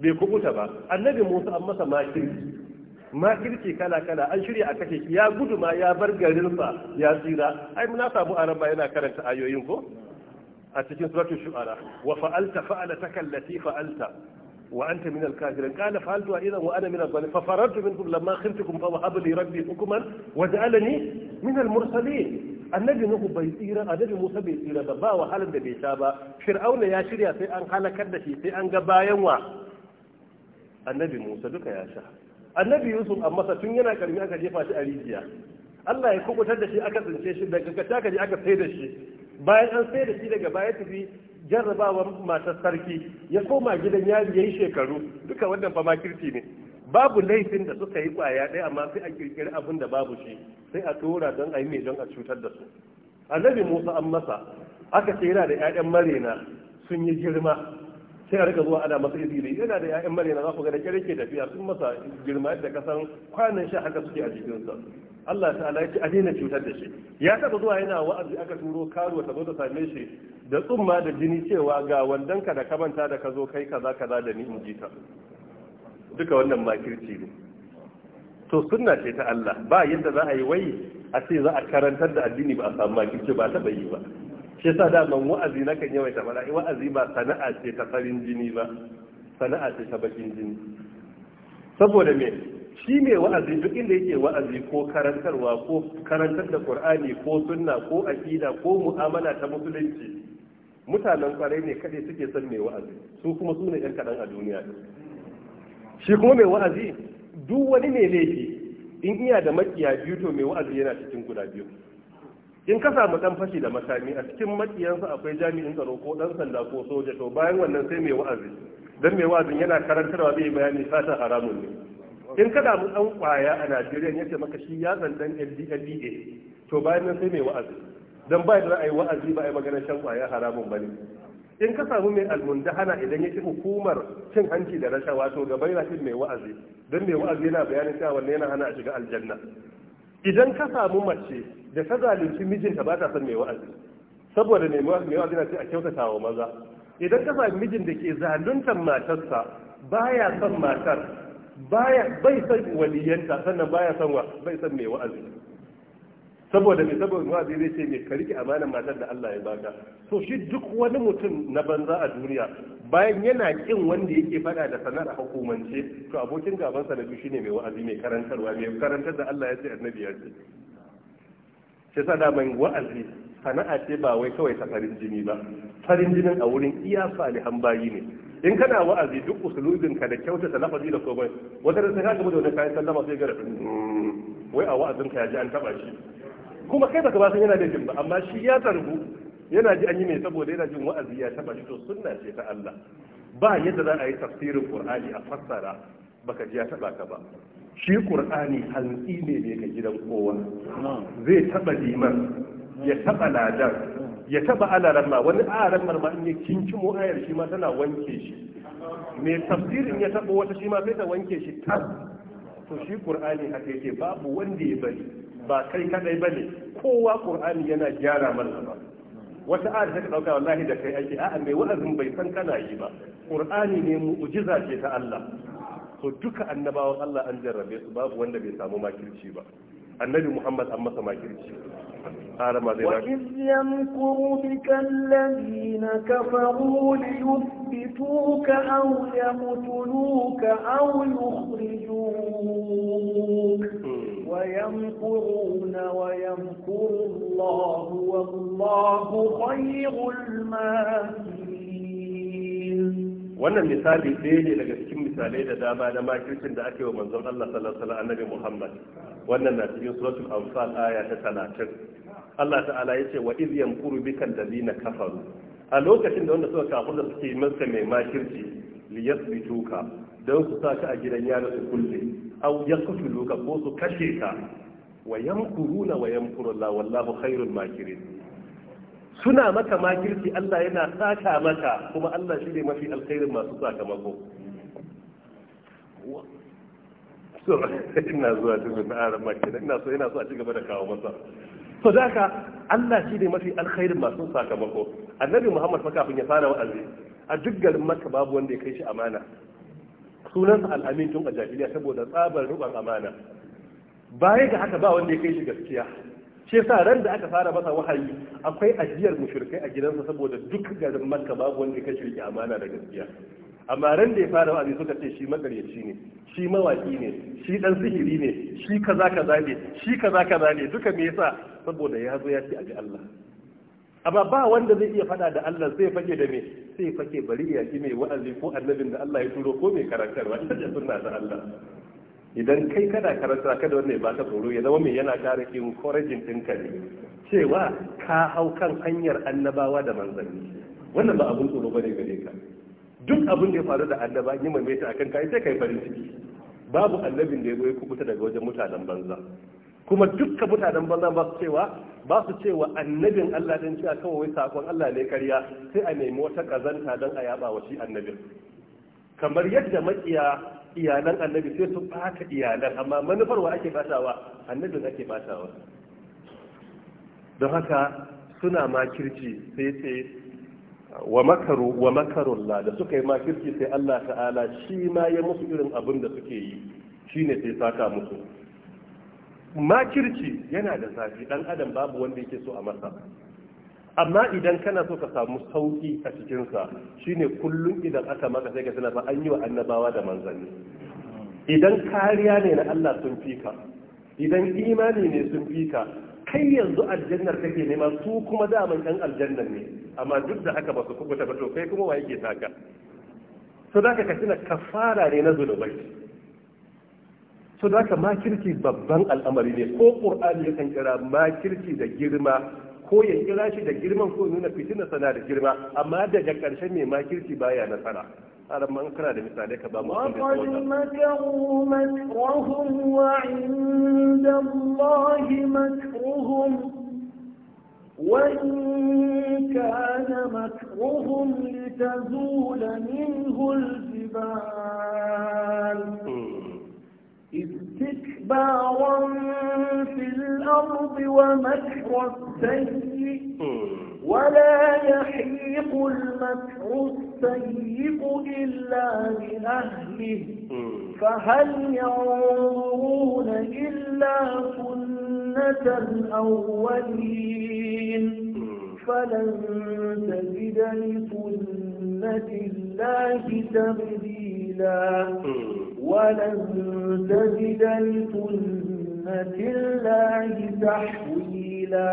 bai kubuta ba annabi Musa an masa makirci makirci kala kala an shirya a kashe ya gudu ma ya bar garinsa ya tsira ai muna samu aran ba yana karanta ayoyin ko a cikin suratul shu'ara wa fa'alta fa'alata kallati fa'alta wa anta min al-kafirin qala fa'altu idan wa ana min al-zalim fa farartu minkum lamma khiftukum fa wahaba li rabbi hukman wa ja'alani min al-mursalin annabi nuhu bai tsira annabi musa bai tsira ba ba wahalar da bai sha ba fir'auna ya shirya sai an halakar da shi sai an ga bayan wa annabi musa duka ya sha annabi yusuf a masa tun yana karmi aka jefa shi a rijiya Allah ya kubutar da shi aka tsince shi daga kace aka je aka sai da shi bayan an sai da shi daga baya tafi jarrabawa matar sarki ya koma gidan yari yi shekaru duka wannan fama kirki ne babu laifin da suka yi kwaya ɗaya amma sai a kirkiri abin da babu shi sai a tura don a yi mai don a cutar da su annabi musa an masa aka ce da 'ya'yan marena sun yi girma sai a rika zuwa ana masa izini yana da ya'yan marina za ku ga da kyar yake tafiya sun masa girma da kasan kwanan sha haka suke a jikinsa Allah ta ala a daina cutar da shi ya taba zuwa yana wa'azi aka turo karu ta zo ta same shi da tsumma da jini cewa ga wandan ka da kamanta da ka zo kai kaza kaza da ni in ji ta duka wannan makirci ne to sunna ce ta Allah ba yadda za a yi wai a ce za a karantar da addini ba a samu makirci ba ta bayyi ba sa da daman wa'azi na kan yawaita bala'i eh, wa'azi ba sana'a ce ta farin jini ba sana'a ce ta bakin jini saboda me shi mai wa'azi duk inda yake wa'azi ko karantarwa ko karantar da qur'ani ko sunna ko aqida ko mu'amala ta musulunci mutanen kwarai ne kaɗai suke son mai wa'azi su kuma su ne ɗan kaɗan a duniya shi kuma mai wa'azi duk wani mai laifi in iya da makiya biyu to mai wa'azi yana cikin guda biyu in ka samu dan fashi da makami a cikin makiyansa akwai jami'in tsaro ko dan sanda ko soja to bayan wannan sai mai wa'azi dan mai wa'azin yana karantarwa zai bayani fasa haramun ne in ka damu dan kwaya a Najeriya yace maka shi ya zandan LDLDA to bayan nan sai mai wa'azi dan ba da ra'ayi wa'azi ba ai magana shan kwaya haramun bane in ka samu mai almundahana idan ya ci hukumar cin hanci da rashawa to ga yana cin mai wa'azi don mai wa'azi yana bayanin cewa wannan yana hana a shiga aljanna idan ka samu mace da ta zalunci mijinta ba ta son mai wa'azi saboda mai wa'azi na ce a kyautata wa maza idan ka sami mijin da ke zaluntar matarsa baya son matar baya bai son waliyanta sannan baya son wa bai son mai wa'azi saboda mai saboda wa'azi zai ce mai ka rike amanar matar da Allah ya baka so shi duk wani mutum na banza a duniya bayan yana kin wanda yake fada da sanar a hukumance to abokin gabansa na biyu shine mai wa'azi mai karantarwa mai karantar da Allah ya ce annabi ya ce sai sa daman wa'azi sana'a ce ba wai kawai ta farin jini ba farin jinin a wurin iya salihan bayi ne in kana wa'azi duk usulubin ka da kyautata lafazi da komai wata da sai ka gaba da kayan sallama sai gara hmm, wai a wa'azin ka ya an taba shi kuma kai baka ba yana da jin ba amma shi ya tarbu yana ji an yi mai saboda yana jin wa'azi ya taba shi to sunna ce ta Allah ba yadda za a yi tafsirin Qur'ani a fassara baka ji ya taba ka ba shi qur'ani hantsi ne ne ga gidan kowa zai taba liman ya taba ladan ya taba alaran ma wani alaran ma in ya kinkimo ayar shi ma tana wanke shi mai tafsirin ya taba wata shi ma sai ta wanke shi tas to shi qur'ani haka yake babu wanda ya bari ba kai kadai bane kowa qur'ani yana gyara mana ba wata ayar ta dauka wallahi da kai ake a'a mai wa'azin bai san kana yi ba qur'ani ne mu'jiza ce ta Allah so duka annabawan Allah an jarrabe su babu wanda bai samu makirci ba annabi Muhammad an masa makirci wa وإذ يمكر بك الذين كفروا ليثبتوك أو يقتلوك أو يخرجوك ويمكرون ويمكر الله والله خير الماكرين wannan misali ɗaya ne daga misalai da dama na makircin da ake wa manzon Allah sallallahu alaihi Muhammad wannan na cikin suratul anfal aya ta talatin Allah ta'ala ya ce wa iz yamkuru bika allazina kafaru a lokacin da wanda suka kafir da suke masa mai makirci liyasbituka don su saka a gidan yaro su kulle aw yaqtuluka ko su kashe ka wa yamkuruna wa yamkuru Allah wallahu khairul makirin suna maka makirci Allah yana saka maka kuma Allah shi ne mafi alkhairin masu sakamako so ina zuwa cikin na ina so ina so a ci da kawo masa so da haka Allah shi ne mafi alkhairin masu sakamako annabi Muhammad fa kafin ya fara wa'azi a duk garin Makka babu wanda ya kai shi amana sunansa al'amin tun a jahiliya saboda tsabar ruban amana baya ga haka ba wanda ya kai shi gaskiya shi yasa ran da aka fara masa wahayi akwai ajiyar mushrikai a gidansa saboda duk garin Makka babu wanda ya kai shi amana da gaskiya amma ran da ya fara wa'azi suka ce shi makaryaci ne shi mawaki ne shi dan sihiri ne shi kaza kaza ne shi kaza kaza ne duka me yasa saboda ya zo ya ce a Allah amma ba wanda zai iya fada da Allah sai fake da me sai fake bari ya ji mai wa'azi ko annabin da Allah ya turo ko mai karantarwa ita ce sunna ta Allah idan kai kana karanta kada wanda ya baka tsoro ya zama mai yana kare encouraging ɗinka ne cewa ka hau kan hanyar annabawa da manzanni wannan ba abun tsoro bane gare ka duk abin da ya faru da annaba yi mai ta akan kai sai kai farin ciki babu annabin da ya goyi kubuta daga wajen mutanen banza kuma dukkan mutanen banza ba su cewa ba su cewa annabin Allah din cewa kawai sakon Allah ne karya sai a nemi wata kazanta don a yaba wa shi annabin kamar yadda makiya iyalan annabi sai su baka iyalan amma manufar wa ake batawa annabin ake batawa don haka suna makirci sai sai wa makaru wa makarullah da suka yi makirci sai Allah ta'ala shi ma ya musu irin abin da suke yi shine sai saka musu makirci yana da zafi dan adam babu wanda yake so a masa amma idan kana so ka samu sauki a cikin cikinsa shine kullum idan aka maka sai ka tana fa an yi wa annabawa da manzanni idan kariya ne na Allah sun fika idan imani ne sun fika kai yanzu aljannar take nema su kuma daman ɗan aljannar ne amma duk da haka ba su kubuta ba to kai kuma wa yake taka so da ka na kafara ne na zunubai so da ka makirci babban al'amari ne ko ƙur'ani ya kira makirci da girma ko ya kira shi da girman ko nuna fitina sana da girma amma daga ƙarshe mai makirci baya nasara alam man kana da misalai ka ba mu waqad makaru makrahum wa 'inda allahi makruhum وإن كان مكرهم لتزول منه الجبال استكبارا في الأرض ومكر السيء ولا يحيق المكر السيئ إلا بأهله فهل ينظرون إلا سنة الأولين فلن تجد لسنة الله تبديلا ولن تجد لسنة الله تحويلا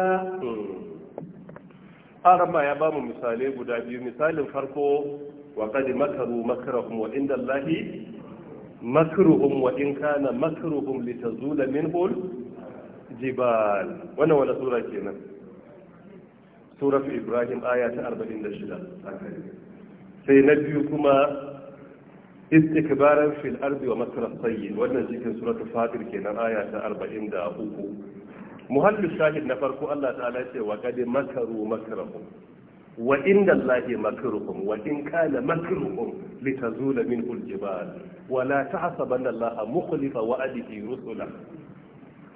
arama ya bamu misalai guda biyu misalin farko wa qad makaru makrahum wa inda allahi makruhum wa in kana makruhum litazula minhu jibal wannan wani sura kenan sura ibrahim aya ta 46 sai na biyu kuma istikbaran fil ardi wa makra sayyi wannan cikin suratul fatir kenan aya ta 43 Muhallin shahid na farko Allah ta'ala ce wa qad makaru makrahum wa inda Allahi makruhum wa in kana makruhum litazula minhu aljibal wa la tahsabanna Allaha mukhlifa wa'adihi rusula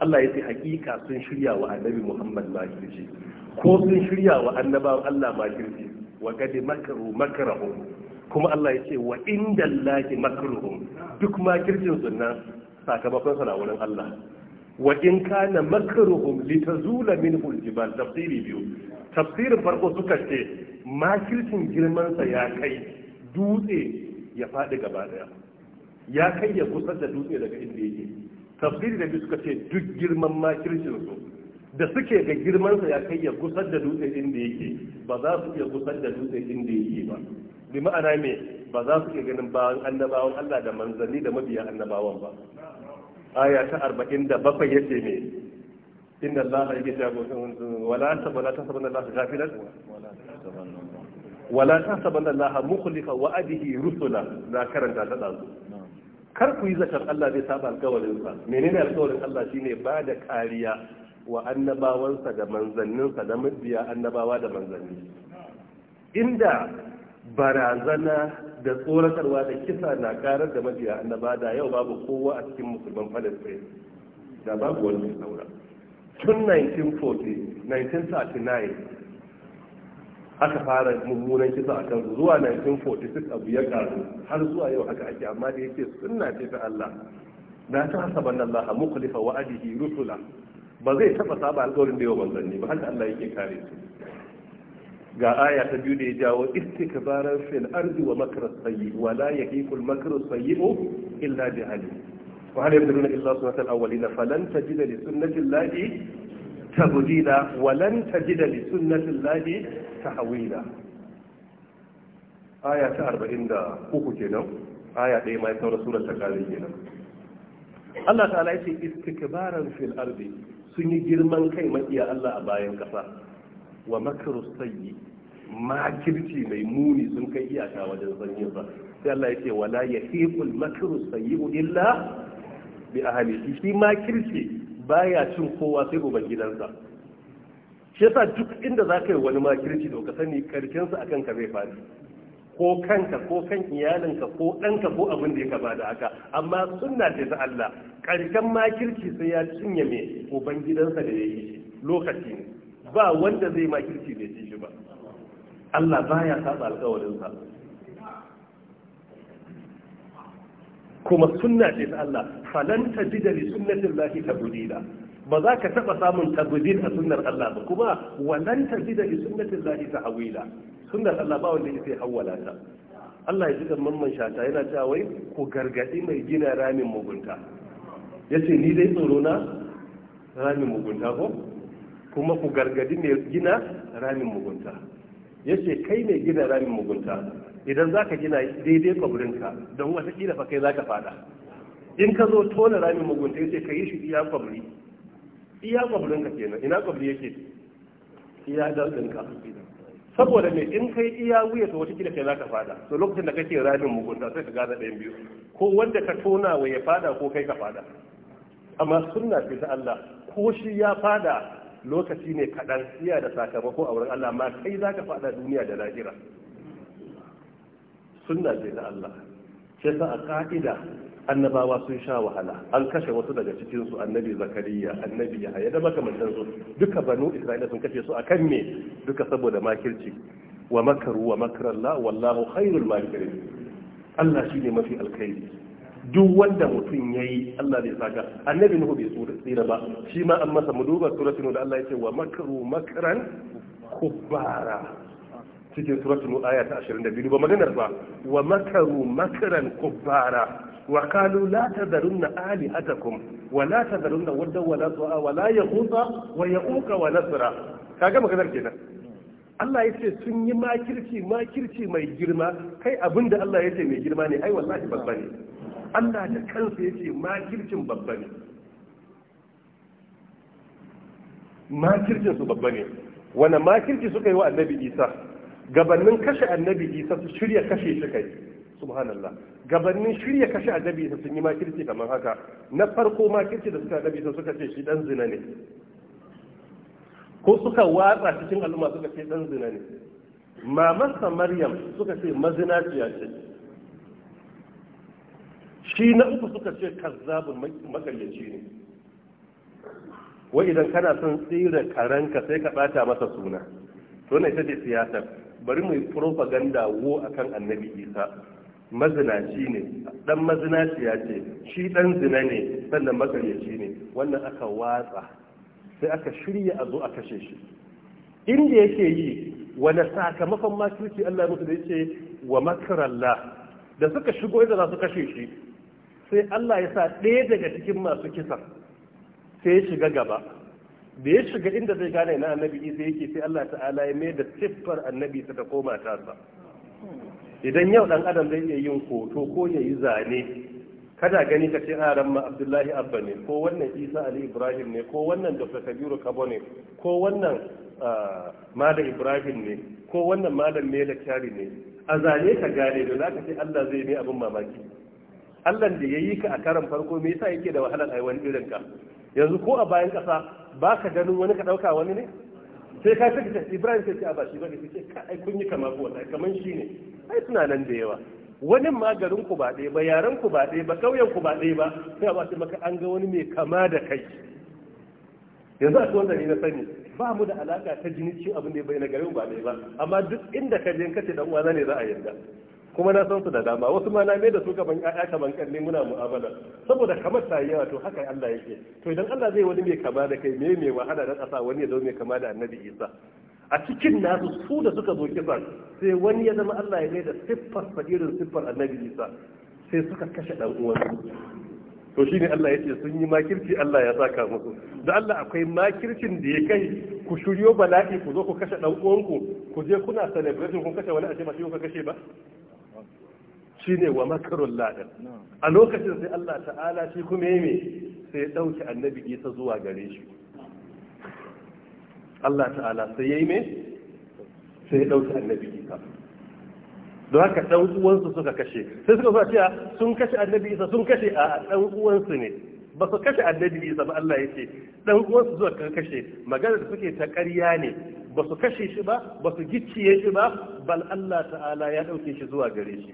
Allah ya ce hakika sun shirya wa annabi Muhammad makirci ko sun shirya wa annabawan Allah makirci wa qad makaru makrahum kuma Allah ya ce wa inda Allahi makruhum duk makircin sunna sakamakon sa na wurin Allah wa in kana makruhum litazula minhu aljibal tafsiri biyu tafsirin farko suka ce makircin girmansa ya kai dutse ya faɗi gaba daya ya kai ya kusa da dutse daga inda yake tafsiri da biyu suka ce duk girman makircin su da suke ga girmansa ya kai ya gusar da dutse inda yake ba za su iya gusar da dutse inda yake ba bi ma'ana me ba za su iya ganin bawan annabawan Allah da manzanni da mabiya annabawan ba aya ta arba'in da bakwai ya 47 yace me inna allaha yajabu wala tabala tasabanna allaha ghafilan wala tasabanna wala tasabanna allaha mukhlifa wa'adihi rusula na karanta ta dazu kar ku yi zakar Allah zai saba alƙawarin sa menene alƙawarin Allah shine ba da kariya wa annabawansa da manzanninsa da mabiya annabawa da manzanni inda barazana da tsoratarwa da kisa na karar da mabiya annaba da yau babu kowa a cikin musulman palestine da babu wani saura tun 1940 1939 aka fara mummunan kisa a kan zuwa 1946 abu ya karu har zuwa yau haka ake amma da yake suna ce ta Allah na ta hasaban Allah mukhlifa wa'adihi rusula ba zai taba saba alƙawarin da yau manzanni ba haka Allah yake kare su ga aya ta biyu da ya jawo istikbaran fil ardi wa makr sayyi wa la al makr sayyi illa bi ahli wa hal yabduna illa al awwalin falan tajida li sunnati lahi tabdila wa lan tajida li sunnati lahi tahwila aya ta 43 kenan aya ɗaya mai sauran surar ta kare kenan Allah ta'ala ya ce istikbaran fil ardi sun yi girman kai iya Allah a bayan kasa wa makaru sayyi makirci mai muni sun kai iyaka wajen zanyin sa sai Allah ya ce wala yahiqul makru sayyi illa bi ahlihi shi makirci baya cin kowa sai uban gidansa shi yasa duk inda za ka yi wani makirci da ka sani karkinsa akan ka zai faɗi ko kanka ko kan iyalinka ko ɗanka ko abin da ya kaba da haka amma sunna ce ta Allah karshen makirci sai ya cinye mai uban gidansa da ya yi lokaci ne ba wanda zai makirci bai ci shi ba Allah baya saba alƙawarinsa kuma sunna ce ta Allah falan tajida li sunnatin lahi tabdila ba za ka taba samun tabdil a sunnar Allah ba kuma walan tajida li sunnatin lahi ta'wila sunnar Allah ba wanda yake hawwala ta Allah ya ji mamman shata yana cewa wai ku gargadi mai gina ramin mugunta yace ni dai tsoro na ramin mugunta ko kuma ku gargadi ne gina ramin mugunta ya ce kai ne gina ramin mugunta idan za ka gina daidai kwabirinka don kila fa kai za ka fada in ka zo tona ramin mugunta ya ce ka yi shi iya kwabiri iya kwabirinka kenan ina kwabiri yake iya dalɗinka saboda mai in kai iya wuya to kila kai za ka fada to lokacin da kake ramin mugunta sai ka gaza ɗayan biyu ko wanda ka tona wa ya fada ko kai ka fada amma sunna ce ta Allah ko shi ya fada lokaci ne kaɗan siya da sakamako a wurin Allah amma kai za ka faɗa duniya da lahira sunna ce ta Allah ce sa a ka'ida annabawa sun sha wahala an kashe wasu daga cikinsu annabi zakariya annabi yahaya da makamantan su duka banu isra'ila sun kashe su akan me duka saboda makirci wa makaru wa makarallah wallahu khairul makirin Allah shine mafi alkhairi duk wanda mutum ya yi, Allah zai saka annabi nuhu bai tsira ba shi ma an masa mu duba suratul da Allah ya ce wa makru makran kubara cikin suratul nur aya ta 22 ba maganar ba wa makaru makaran kubbara wa qalu la Ali atakum wa la tadharunna wadda wa la tu'a wa la yahuta wa yauka wa nasra kaga maganar kenan Allah ce sun yi makirci makirci mai girma kai abinda Allah ce mai girma ne ai wallahi babba ne Allah da kansa ce makircin babba ne makircin su babba ne wani makirci suka yi wa annabi isa gabanin kashe annabi isa su shirya kashe shi kai subhanallah gabanin shirya kashe annabi isa sun yi makirci kamar haka na farko makirci da suka annabi isa suka ce shi dan zina ne ko suka watsa cikin al'umma suka ce dan zina ne mamarsa maryam suka ce mazinaciya ce shi na uku suka ce kazzabun makaryaci ne wai idan kana son tsira karanka sai ka bata masa suna to ne ita ce siyasar bari mu yi propaganda wo akan annabi isa mazinaci ne dan ya ce shi dan zina ne sannan makaryaci ne wannan aka watsa sai aka shirya a zo a kashe shi inda yake yi wani sakamakon makirci Allah mutu da ce wa makarallah da suka shigo inda za su kashe shi sai Allah ya sa ɗaya daga cikin masu kisan sai ya shiga gaba da ya shiga inda zai gane na annabi isa yake sai Allah ta'ala ya mai da siffar annabi isa ta koma sa idan yau ɗan adam zai iya yin hoto ko ya yi zane kada gani ka ce aran ah, ma abdullahi abba ne ko wannan isa ali ibrahim ne ko wannan dr kabiru kabo ne ko wannan ah, malam ibrahim ne ko wannan malam mela kyari ne a zane ka gane da za ka ce allah zai mai abin mamaki Allah da ya yi ka a karan farko me yasa yake da wahalar ai wani irin ka yanzu ko a bayan ƙasa ba ka ganin wani ka ɗauka wani ne sai ka saka Ibrahim sai ce a ba shi ba ne sai ka ai kun yi kama ko wani kaman shi ne ai suna nan da yawa wani ma garin ku ba ɗaya ba yaran ku ba ɗaya ba ƙauyen ku ba ɗaya ba sai a ba shi maka an ga wani mai kama da kai yanzu a da ni na sani ba mu da alaka ta jini shi abin da ya bayyana garin ba ɗaya ba amma duk inda ka je kace dan uwana ne za a yarda kuma na san su da dama wasu ma na mai da su gaban ƴaƴa kaman kalle muna mu'amala saboda kamar ta yawa to haka Allah yake to idan Allah zai wani mai kama da kai me mai wahala dan asa wani ya zo mai kama da Annabi Isa a cikin nasu su da suka zo kisa sai wani ya zama Allah ya mai da siffar fadirin siffar Annabi Isa sai suka kashe dan uwansu to shine Allah yace sun yi makirci Allah ya saka musu da Allah akwai makircin da ya kai ku shiryo bala'i ku zo ku kashe dan uwanku ku je kuna celebration kun kashe wani a ce ba shi kuka kashe ba shine wa makarun ladan a lokacin sai Allah ta'ala shi kuma yi sai ya ɗauki annabi isa zuwa gare shi Allah ta'ala sai ya yi mai sai ya ɗauki annabi isa don haka ɗan uwansu suka kashe sai suka zuwa cewa sun kashe annabi isa sun kashe a ɗan uwansu ne ba su kashe annabi isa ba Allah ya ce ɗan uwansu zuwa kashe magana da suke ta ƙarya ne ba su kashe shi ba ba su gicciye shi ba bal Allah ta'ala ya ɗauke shi zuwa gare shi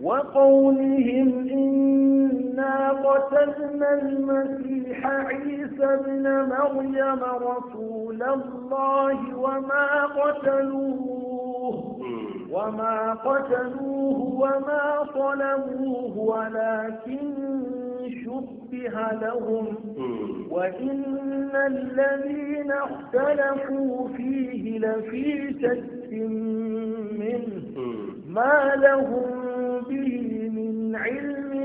وقولهم إنا قتلنا المسيح عيسى بن مريم رسول الله وما قتلوه وما قتلوه وما صلبوه ولكن شبه لهم وإن الذين اختلفوا فيه لفي شك منه ما لهم به من علم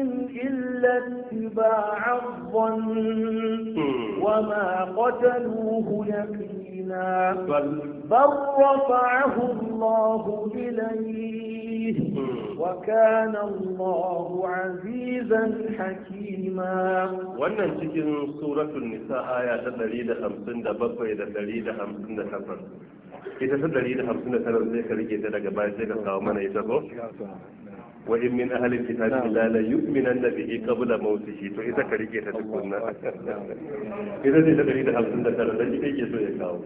إلا اتباع الظن وما قتلوه يقينا بل, بل رفعه الله إليه وكان الله عزيزا حكيما wannan cikin suratul nisa aya ta 157 da 158 ita ta ɗari da hamsin da tara zai ka rike ta daga baya sai ka kawo mana ita ko wa in min ahalin kitabi la la yu'minan da bihi qabla mawtihi to ita ka rike ta tukunna ita ce ta ɗari da hamsin da tara dan ita yake so ya kawo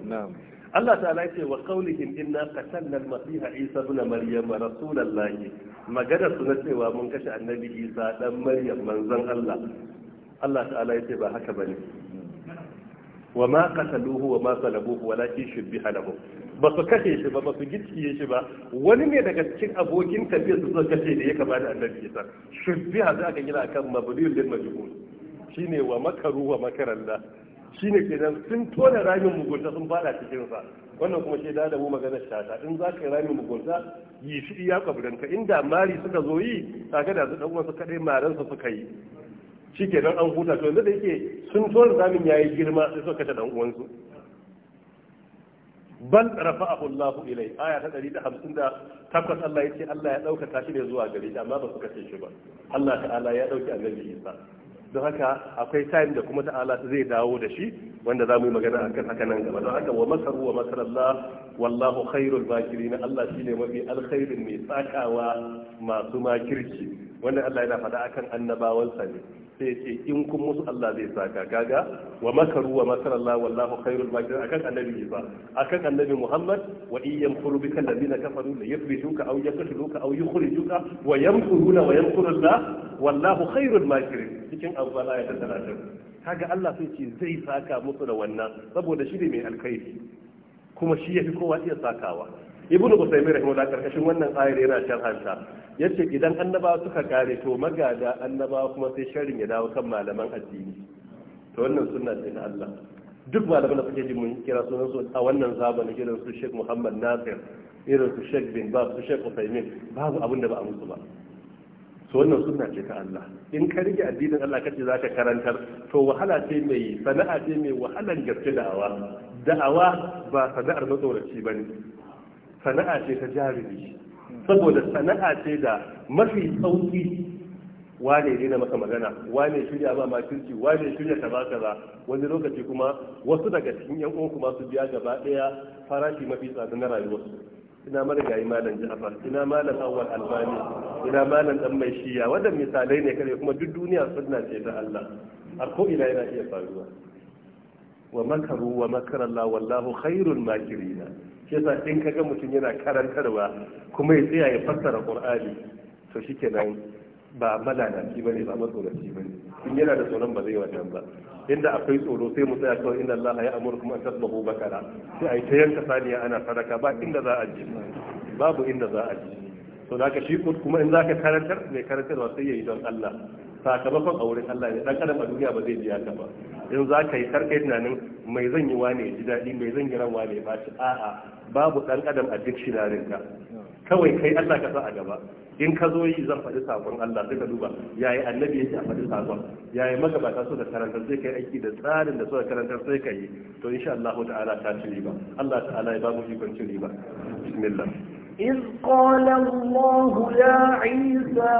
Allah ta'ala ce wa qaulihim inna qatalna al-masiha Isa ibn Maryam rasulullahi magana su na cewa mun kashe annabi Isa dan Maryam manzon Allah Allah ta'ala ya ce ba haka bane wa ma qataluhu wa ma salabuhu walakin shubbiha lahu ba su kashe shi ba ba su gicciye shi ba wani ne daga cikin abokin tafiyar su zo kashe da ya kamata da annabi isa shubbiha za ka gina akan mabdul lil majhul shine wa makaru wa makaralla shine kenan sun tona ramin mugunta sun fada cikin sa wannan kuma shi da mu magana shata in za ka yi ramin mugunta yi shi iya kaburinka inda mari suka zo yi kaga da su dan wasu kadai maran su suka yi shi ke don an huta to yanzu da yake sun tona zamin ya yi girma sai suka kashe dan uwansu bal rafa'ahu Allah ilai aya ta 150 da Allah yace Allah ya dauka shi ne zuwa gare shi amma ba su kace shi ba Allah ta'ala ya dauki annabi Isa don haka akwai time da kuma ta'ala zai dawo da shi wanda za mu yi magana akan haka nan gaba don haka wa masaru wa masar Allah wallahu khairul makirin Allah shine mafi alkhairin mai tsakawa masu makirci wanda Allah yana faɗa akan annabawansa ne sai ce in kun musu Allah zai saka kaga wa makaru wa makar Allah wallahu khairul makirin akan annabi ba akan annabi Muhammad wa in yamkuru bika alladhina kafaru la yukhrijuka aw yaqtuluka aw yukhrijuka wa yamkuruna wa yamkuru Allah wallahu khairul makirin cikin abubuwa ya ta talatin kaga Allah sai ce zai saka musu da wannan saboda shi ne mai alkhairi kuma shi yafi kowa iya sakawa ibnu usaymin rahimahullah karkashin wannan ayar yana sa yace idan annabawa suka kare to magada annabawa kuma sai sharrin ya dawo kan malaman addini to wannan sunna ce na Allah duk malaman da kuke ji mun kira sunan su a wannan zamanin irin su Sheikh Muhammad Nasir irin su Sheikh bin Bab su Sheikh Usaymin babu abin da ba a musu ba to wannan sunna ce ta Allah in ka rige addinin Allah kace zaka karantar to wahala ce mai sana'a ce mai wahalan gaske da'awa da'awa ba sana'ar matsoraci bane sana'a ce ta jarumi saboda sana'a ce da mafi sauki wane ne na maka magana wane shirya ba makirci wane shirya ta baka ba wani lokaci kuma wasu daga cikin yan uwan kuma su biya gaba daya farashi mafi tsada na rayuwarsu ina marigayi malam ja'far ina malam awwal albani ina malam dan mai shiya wannan misalai ne kare kuma duk duniya na ce ta Allah a ko ina yana iya faruwa wa makaru wa makara Allah wallahu khairul makirina yasa in ga mutum yana karantarwa kuma ya tsaya ya fassara qur'ani to shikenan ba malalaci ba ne ba matsoraci ba ne in yana da tsoron ba zai wannan ba inda akwai tsoro sai mu tsaya kawai inda Allah ya amur kuma an tasbahu bakara sai a yi ta yanka saniya ana sadaka ba inda za a ji babu inda za a ji to da ka shi kuma in za ka karantar mai karantarwa sai ya yi don Allah sakamakon a wurin Allah ne dan adam a duniya ba zai biya ka ba in za ka yi karka tunanin mai zan yi wane ji daɗi mai zan yi ran wane ba shi a'a babu dan adam a duk shirarin ka kawai kai Allah ka sa a gaba in ka zo yi zan faɗi sakon Allah sai duba yayi annabi yake a faɗi sakon yayi magabata so da karantar sai kai aiki da tsarin da so da karantar sai kai to insha Allah ta'ala ta ci riba Allah ta'ala ya ba mu ikon ci riba bismillah إذ قال الله يا عيسى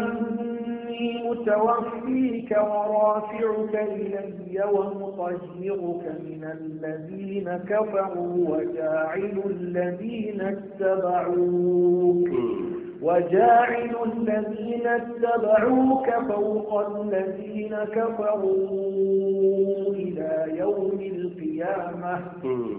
إني متوفيك ورافعك إلي ومطهرك من الذين كفروا وجاعل الذين اتبعوك وجاعل الذين اتبعوك فوق الذين كفروا إلى يوم القيامة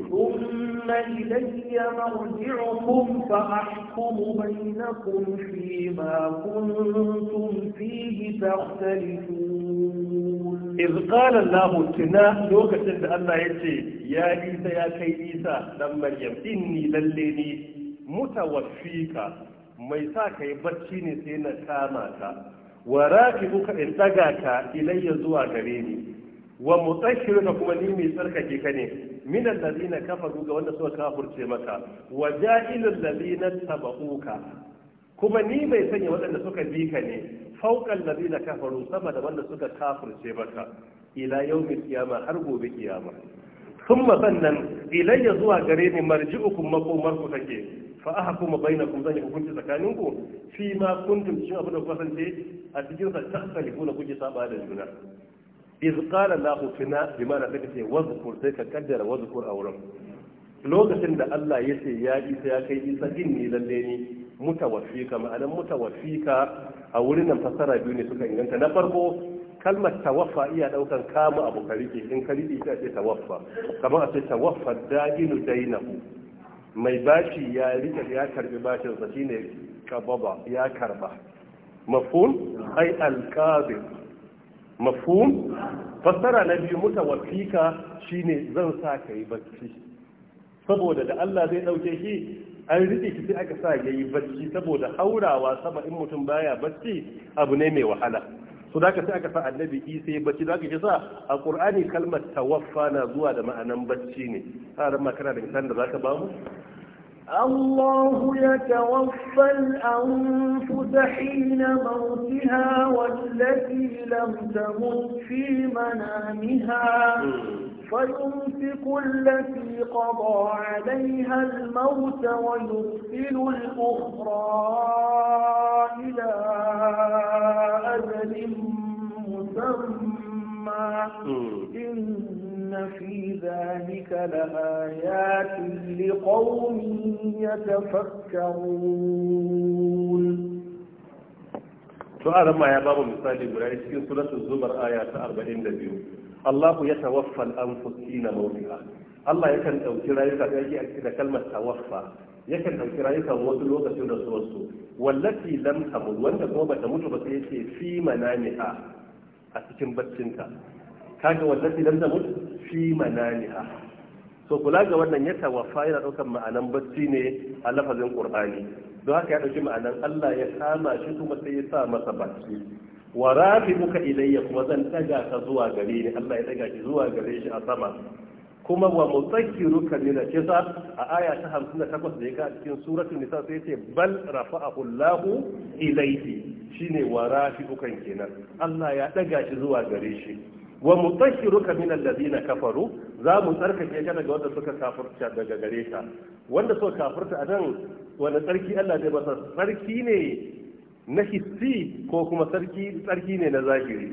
ثم إلي مرجعكم فأحكم بينكم فيما كنتم فيه تختلفون إذ قال الله تنا لوكة أن يتي يا عيسى يا كي عيسى لما مريم إني لليني متوفيك mai sa ka yi barci ne sai na kama ka wa rafi'uka in daga ka ilayya zuwa gare ni wa mutashhiruka kuma ni mai tsarkake ka ne min allazina kafaru ga wanda suka kafurce maka wa ja'ilul ladina tabauka kuma ni mai sanya waɗanda suka bi ka ne fauqal ladina kafaru sama da wanda suka kafurce maka ila yawmil qiyama har gobe qiyama kuma sannan ilayya zuwa gare ni marji'ukum makomarku take fa aka kuma bainakum zan yi hukunci tsakaninku fi ma kuntum cikin abu da kasance a cikin sa tasalifu kuna kuke saba da juna iz qala allah fina bima na kace wazkur sai ka kaddara a auran lokacin da Allah ya ce ya isa ya kai isa inni lalle ni mutawaffika ma'anan mutawaffika a wurin nan fasara biyu ne suka inganta na farko kalmar tawaffa iya daukan kama abu karike in karike ita ce tawaffa kamar a ce tawaffa da'inu dainahu mai bashi ya rika ya karbi bashinsa shine kababa ya karba mafhum ai alqabil mafhum fassara na biyu mutawaffika shine zan sa kai bacci saboda da Allah zai dauke shi an rike shi aka sa yayi bacci saboda haurawa sama in mutum baya bacci abu ne mai wahala to da sai aka sa annabi isa ya bacci zaka ji sa a ƙur'ani kalmar tawaffa na zuwa da ma'anan bacci ne har ma kana da misalan da ka ba mu الله يتوفى الأنفس حين موتها والتي لم تمت في منامها فيمسك التي قضى عليها الموت ويرسل الأخرى إلى أجل مسمى إن في ذلك لآيات لقوم يتفكرون سؤال ما يا بابا مثال إبراهيم في سورة الزمر آية 42 الله يتوفى الأنفس حين موتها Allah yakan ɗauki rayuka da yake da kalmar tawaffa yakan ɗauki rayukan wasu lokacin da su wasu wallafi lam tamut wanda kuma bata mutu ba sai yake fi manamiha a cikin baccinta kaga wallafi lam tamut fi mananiha so kula ga wannan ya tawafa yana ɗaukan ma'anan bacci ne a lafazin qur'ani don haka ya ɗauki ma'anan Allah ya kama shi kuma sai ya sa masa bacci wa rafi ilayya kuma zan ɗaga ka zuwa gare ni Allah ya daga ki zuwa gare shi a sama kuma wa mutsakiruka min da kisa a aya ta 58 da ya a cikin suratul nisa sai yace bal rafa'ahu Allahu ilayhi shine wa rafi'ukan kenan Allah ya daga shi zuwa gare shi wa mutashiruka min na kafaru za mu tsarkake ka daga wanda suka kafirta daga gare ka wanda suka kafirta nan, wanda tsarki Allah zai masa tsarki ne na hissi ko kuma tsarki tsarki ne na zahiri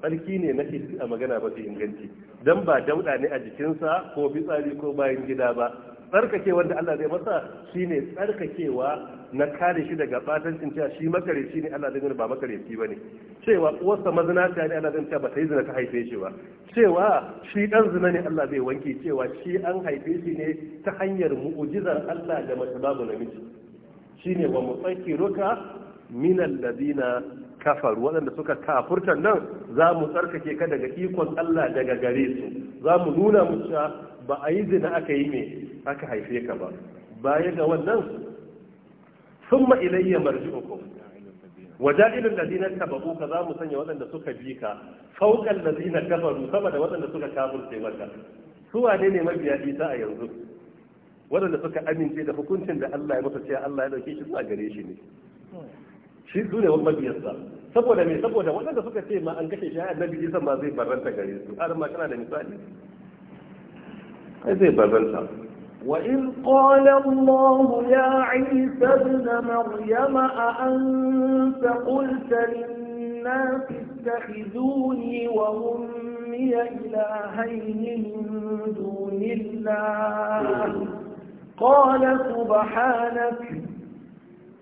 tsarki ne na hissi a magana ba su inganci dan ba dauda ne a jikinsa ko fitsari ko bayan gida ba tsarkake wanda Allah zai masa ne tsarkakewa na kare shi daga batan cewa shi makareci ne Allah zai ba makareci ne cewa uwarsa mazinaciya ne Allah zai cewa ba ta yi zina ta haife shi ba cewa shi ɗan zina ne Allah zai wanke cewa shi an haife shi ne ta hanyar mu'ujizar Allah da mace babu namiji shine wa mutsakiruka min ladina kafar waɗanda suka kafurta nan za mu tsarkake ka daga ikon Allah daga gare su za mu nuna mu cewa ba a yi zina aka yi me aka haife ka ba baya ga wannan sun summa ilayya marji'ukum waja'ilul ladina tabu ka za mu sanya waɗanda suka bi ka fawqal ladina kafaru sama da waɗanda suka kafirce maka su wane ne mabiya isa a yanzu waɗanda suka amince da hukuncin da Allah ya masa cewa Allah ya ɗauke shi zuwa gare shi ne shi su ne mabiyarsa saboda me saboda waɗanda suka ce ma an kashe shi annabi isa ma zai barranta gare su har ma kana da misali هذه بابلها وإذ قال الله يا عيسى ابن مريم أأنت قلت للناس اتخذوني وأمي إلهين من دون الله قال سبحانك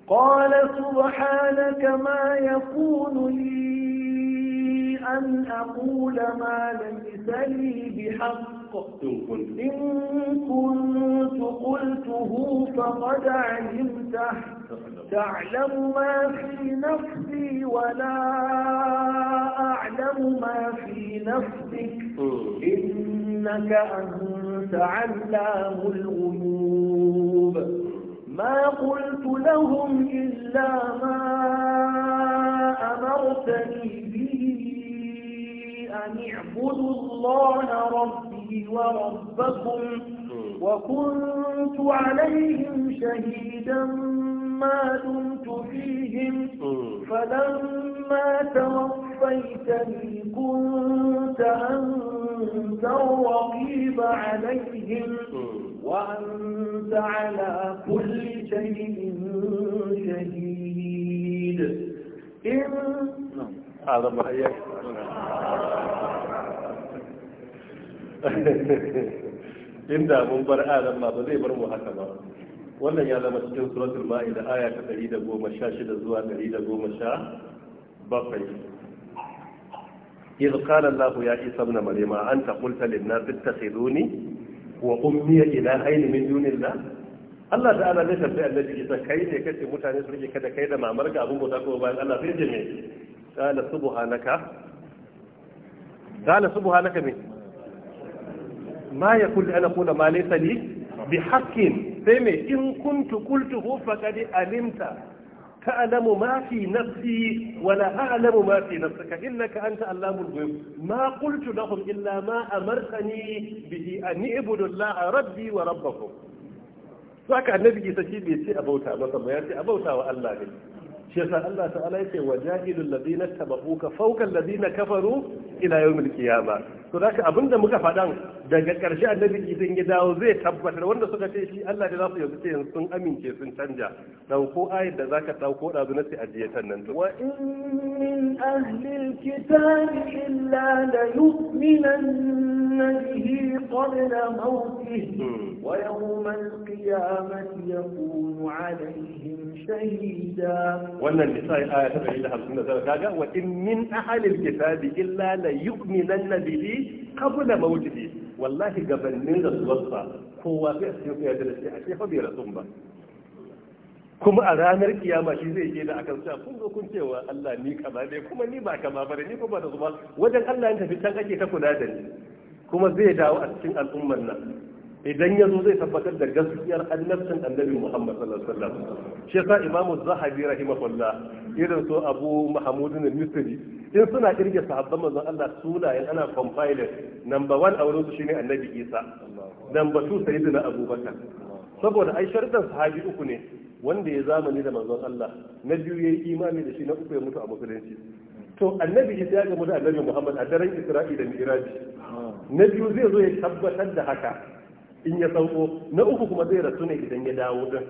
قال سبحانك ما يكون لي أن أقول ما ليس لي بحق إن كنت قلته فقد علمته تعلم ما في نفسي ولا أعلم ما في نفسك إنك أنت علام الغيوب ما قلت لهم إلا ما أمرتني به أن اعبدوا الله ربي وربكم وكنت عليهم شهيدا ما دمت فيهم فلما توفيتني كنت أنت الرقيب عليهم وأنت على كل شيء شهيد إن هذا ما inda mun bar adam ma ba zai bar mu haka ba wannan ya zama cikin suratul ma'ida aya ta 116 zuwa 117 إذ قال الله يا عيسى ابن مريم أنت قلت للناس اتخذوني Wa إلهين من دون الله Allah da ana nufin da annabi Isa kai ne kace mutane su rike kada kai da mamar ga abun bauta ko bayan Allah sai ce me qala subhanaka qala subhanaka me ma ya kulli ana kula ma laysa li bi haqqin sai me in kuntu qultuhu faqad alimta تعلم ما في نفسي ولا أعلم ما في نفسك إنك أنت علام الغيوب ما قلت لهم إلا ما أمرتني به أن اعبدوا الله ربي وربكم فكان النبي يسجد بيتي أبوتا مثلا يأتي أبوتا وألا لي shi yasa Allah ta'ala yake wajahidul ladina tabahuka fawqa alladina kafaru ila yawmil qiyama to da abinda muka fadan daga karshe annabi idan ya dawo zai tabbatar wanda suka ce shi Allah da za su yanzu ce sun amince sun canja ko ayar da zaka dauko da zuwa sai ajiye ta nan to wa in min ahlil kitabi illa la yu'minanna bihi qabla mawtihi hmm. wa yawmal qiyamati yakunu alaihim shahida wannan nisa aya ta da hamsin 159 kaga wa in min ahalil kitabi illa la yu'minanna bihi qabla mawtihi wallahi gabanin da rasuwarsa kowa zai sai ya da shi a shefa bai rasu ba kuma a ranar kiyama shi zai je da akan sa kun zo kun cewa Allah ni kaza dai kuma ni ba kama ba ni kuma da zuwa wajen Allah ya tafi can ake ta kula da ni kuma zai dawo a cikin al'ummar nan idan ya zo zai tabbatar da gaskiyar annabcin annabi Muhammad sallallahu alaihi wasallam shi yasa Imam Zahabi rahimahullah irin su Abu Mahmud al-Misri in suna kirge sahabban manzon Allah sunayen ana compiling number 1 a wurin su shine annabi Isa number 2 sayyidina Abubakar saboda ai sharuɗan sahabi uku ne wanda ya zamani da manzon Allah na biyu yayi imani da shi na uku ya mutu a musulunci to annabi isa ya gamu da annabi Muhammad a daren Isra'i da Mi'raj na biyu zai zo ya tabbatar da haka in ya sauko na uku kuma zai rasu ne idan ya dawo din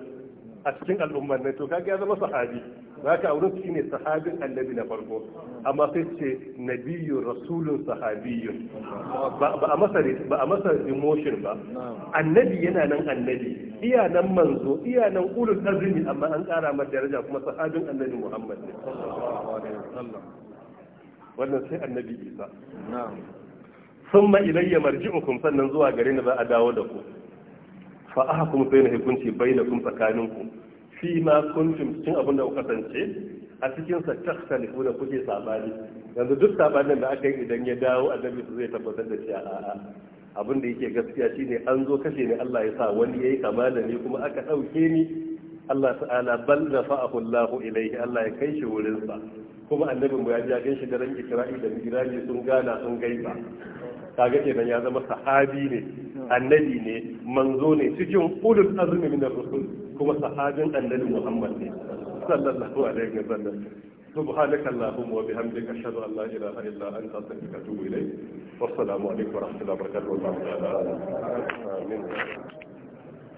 a cikin al'ummar ne to ka ya zama sahabi za ka wurin su ne sahabin annabi na farko amma sai ce nabiyu rasulun sahabiyun ba a masa ba a masa emotion ba annabi yana nan annabi iya nan manzo iya nan ulul azmi amma an kara masa daraja kuma sahabin annabi Muhammad ne wannan sai annabi Isa na'am ya ilayya marji'ukum sannan zuwa gare ni za a dawo da ku fa aka kuma sai na hukunci bainakum tsakaninku fi ma kun cikin abin da kuka kasance a cikin sa da kuke sabani yanzu duk sabanin da aka yi idan ya dawo annabi zai tabbatar da cewa a'a abin da yake gaskiya shine an zo kashe ne Allah ya sa wani yayi kama da ni kuma aka dauke ni Allah ta'ala bal rafa'ahu Allah ilayhi Allah ya kai shi wurin sa kuma annabin mu ya ji ganshi da ran Isra'i da Miraji sun gana sun gaiba kaga kenan ya zama sahabi ne annabi ne manzo ne cikin ulul azmi min ar-rusul kuma sahabin annabi Muhammad ne sallallahu alaihi wa sallam سبحانك اللهم وبحمدك أشهد أن لا إله إلا أنت أستغفرك وأتوب إليك والسلام عليكم ورحمة الله وبركاته والله تعالى آمين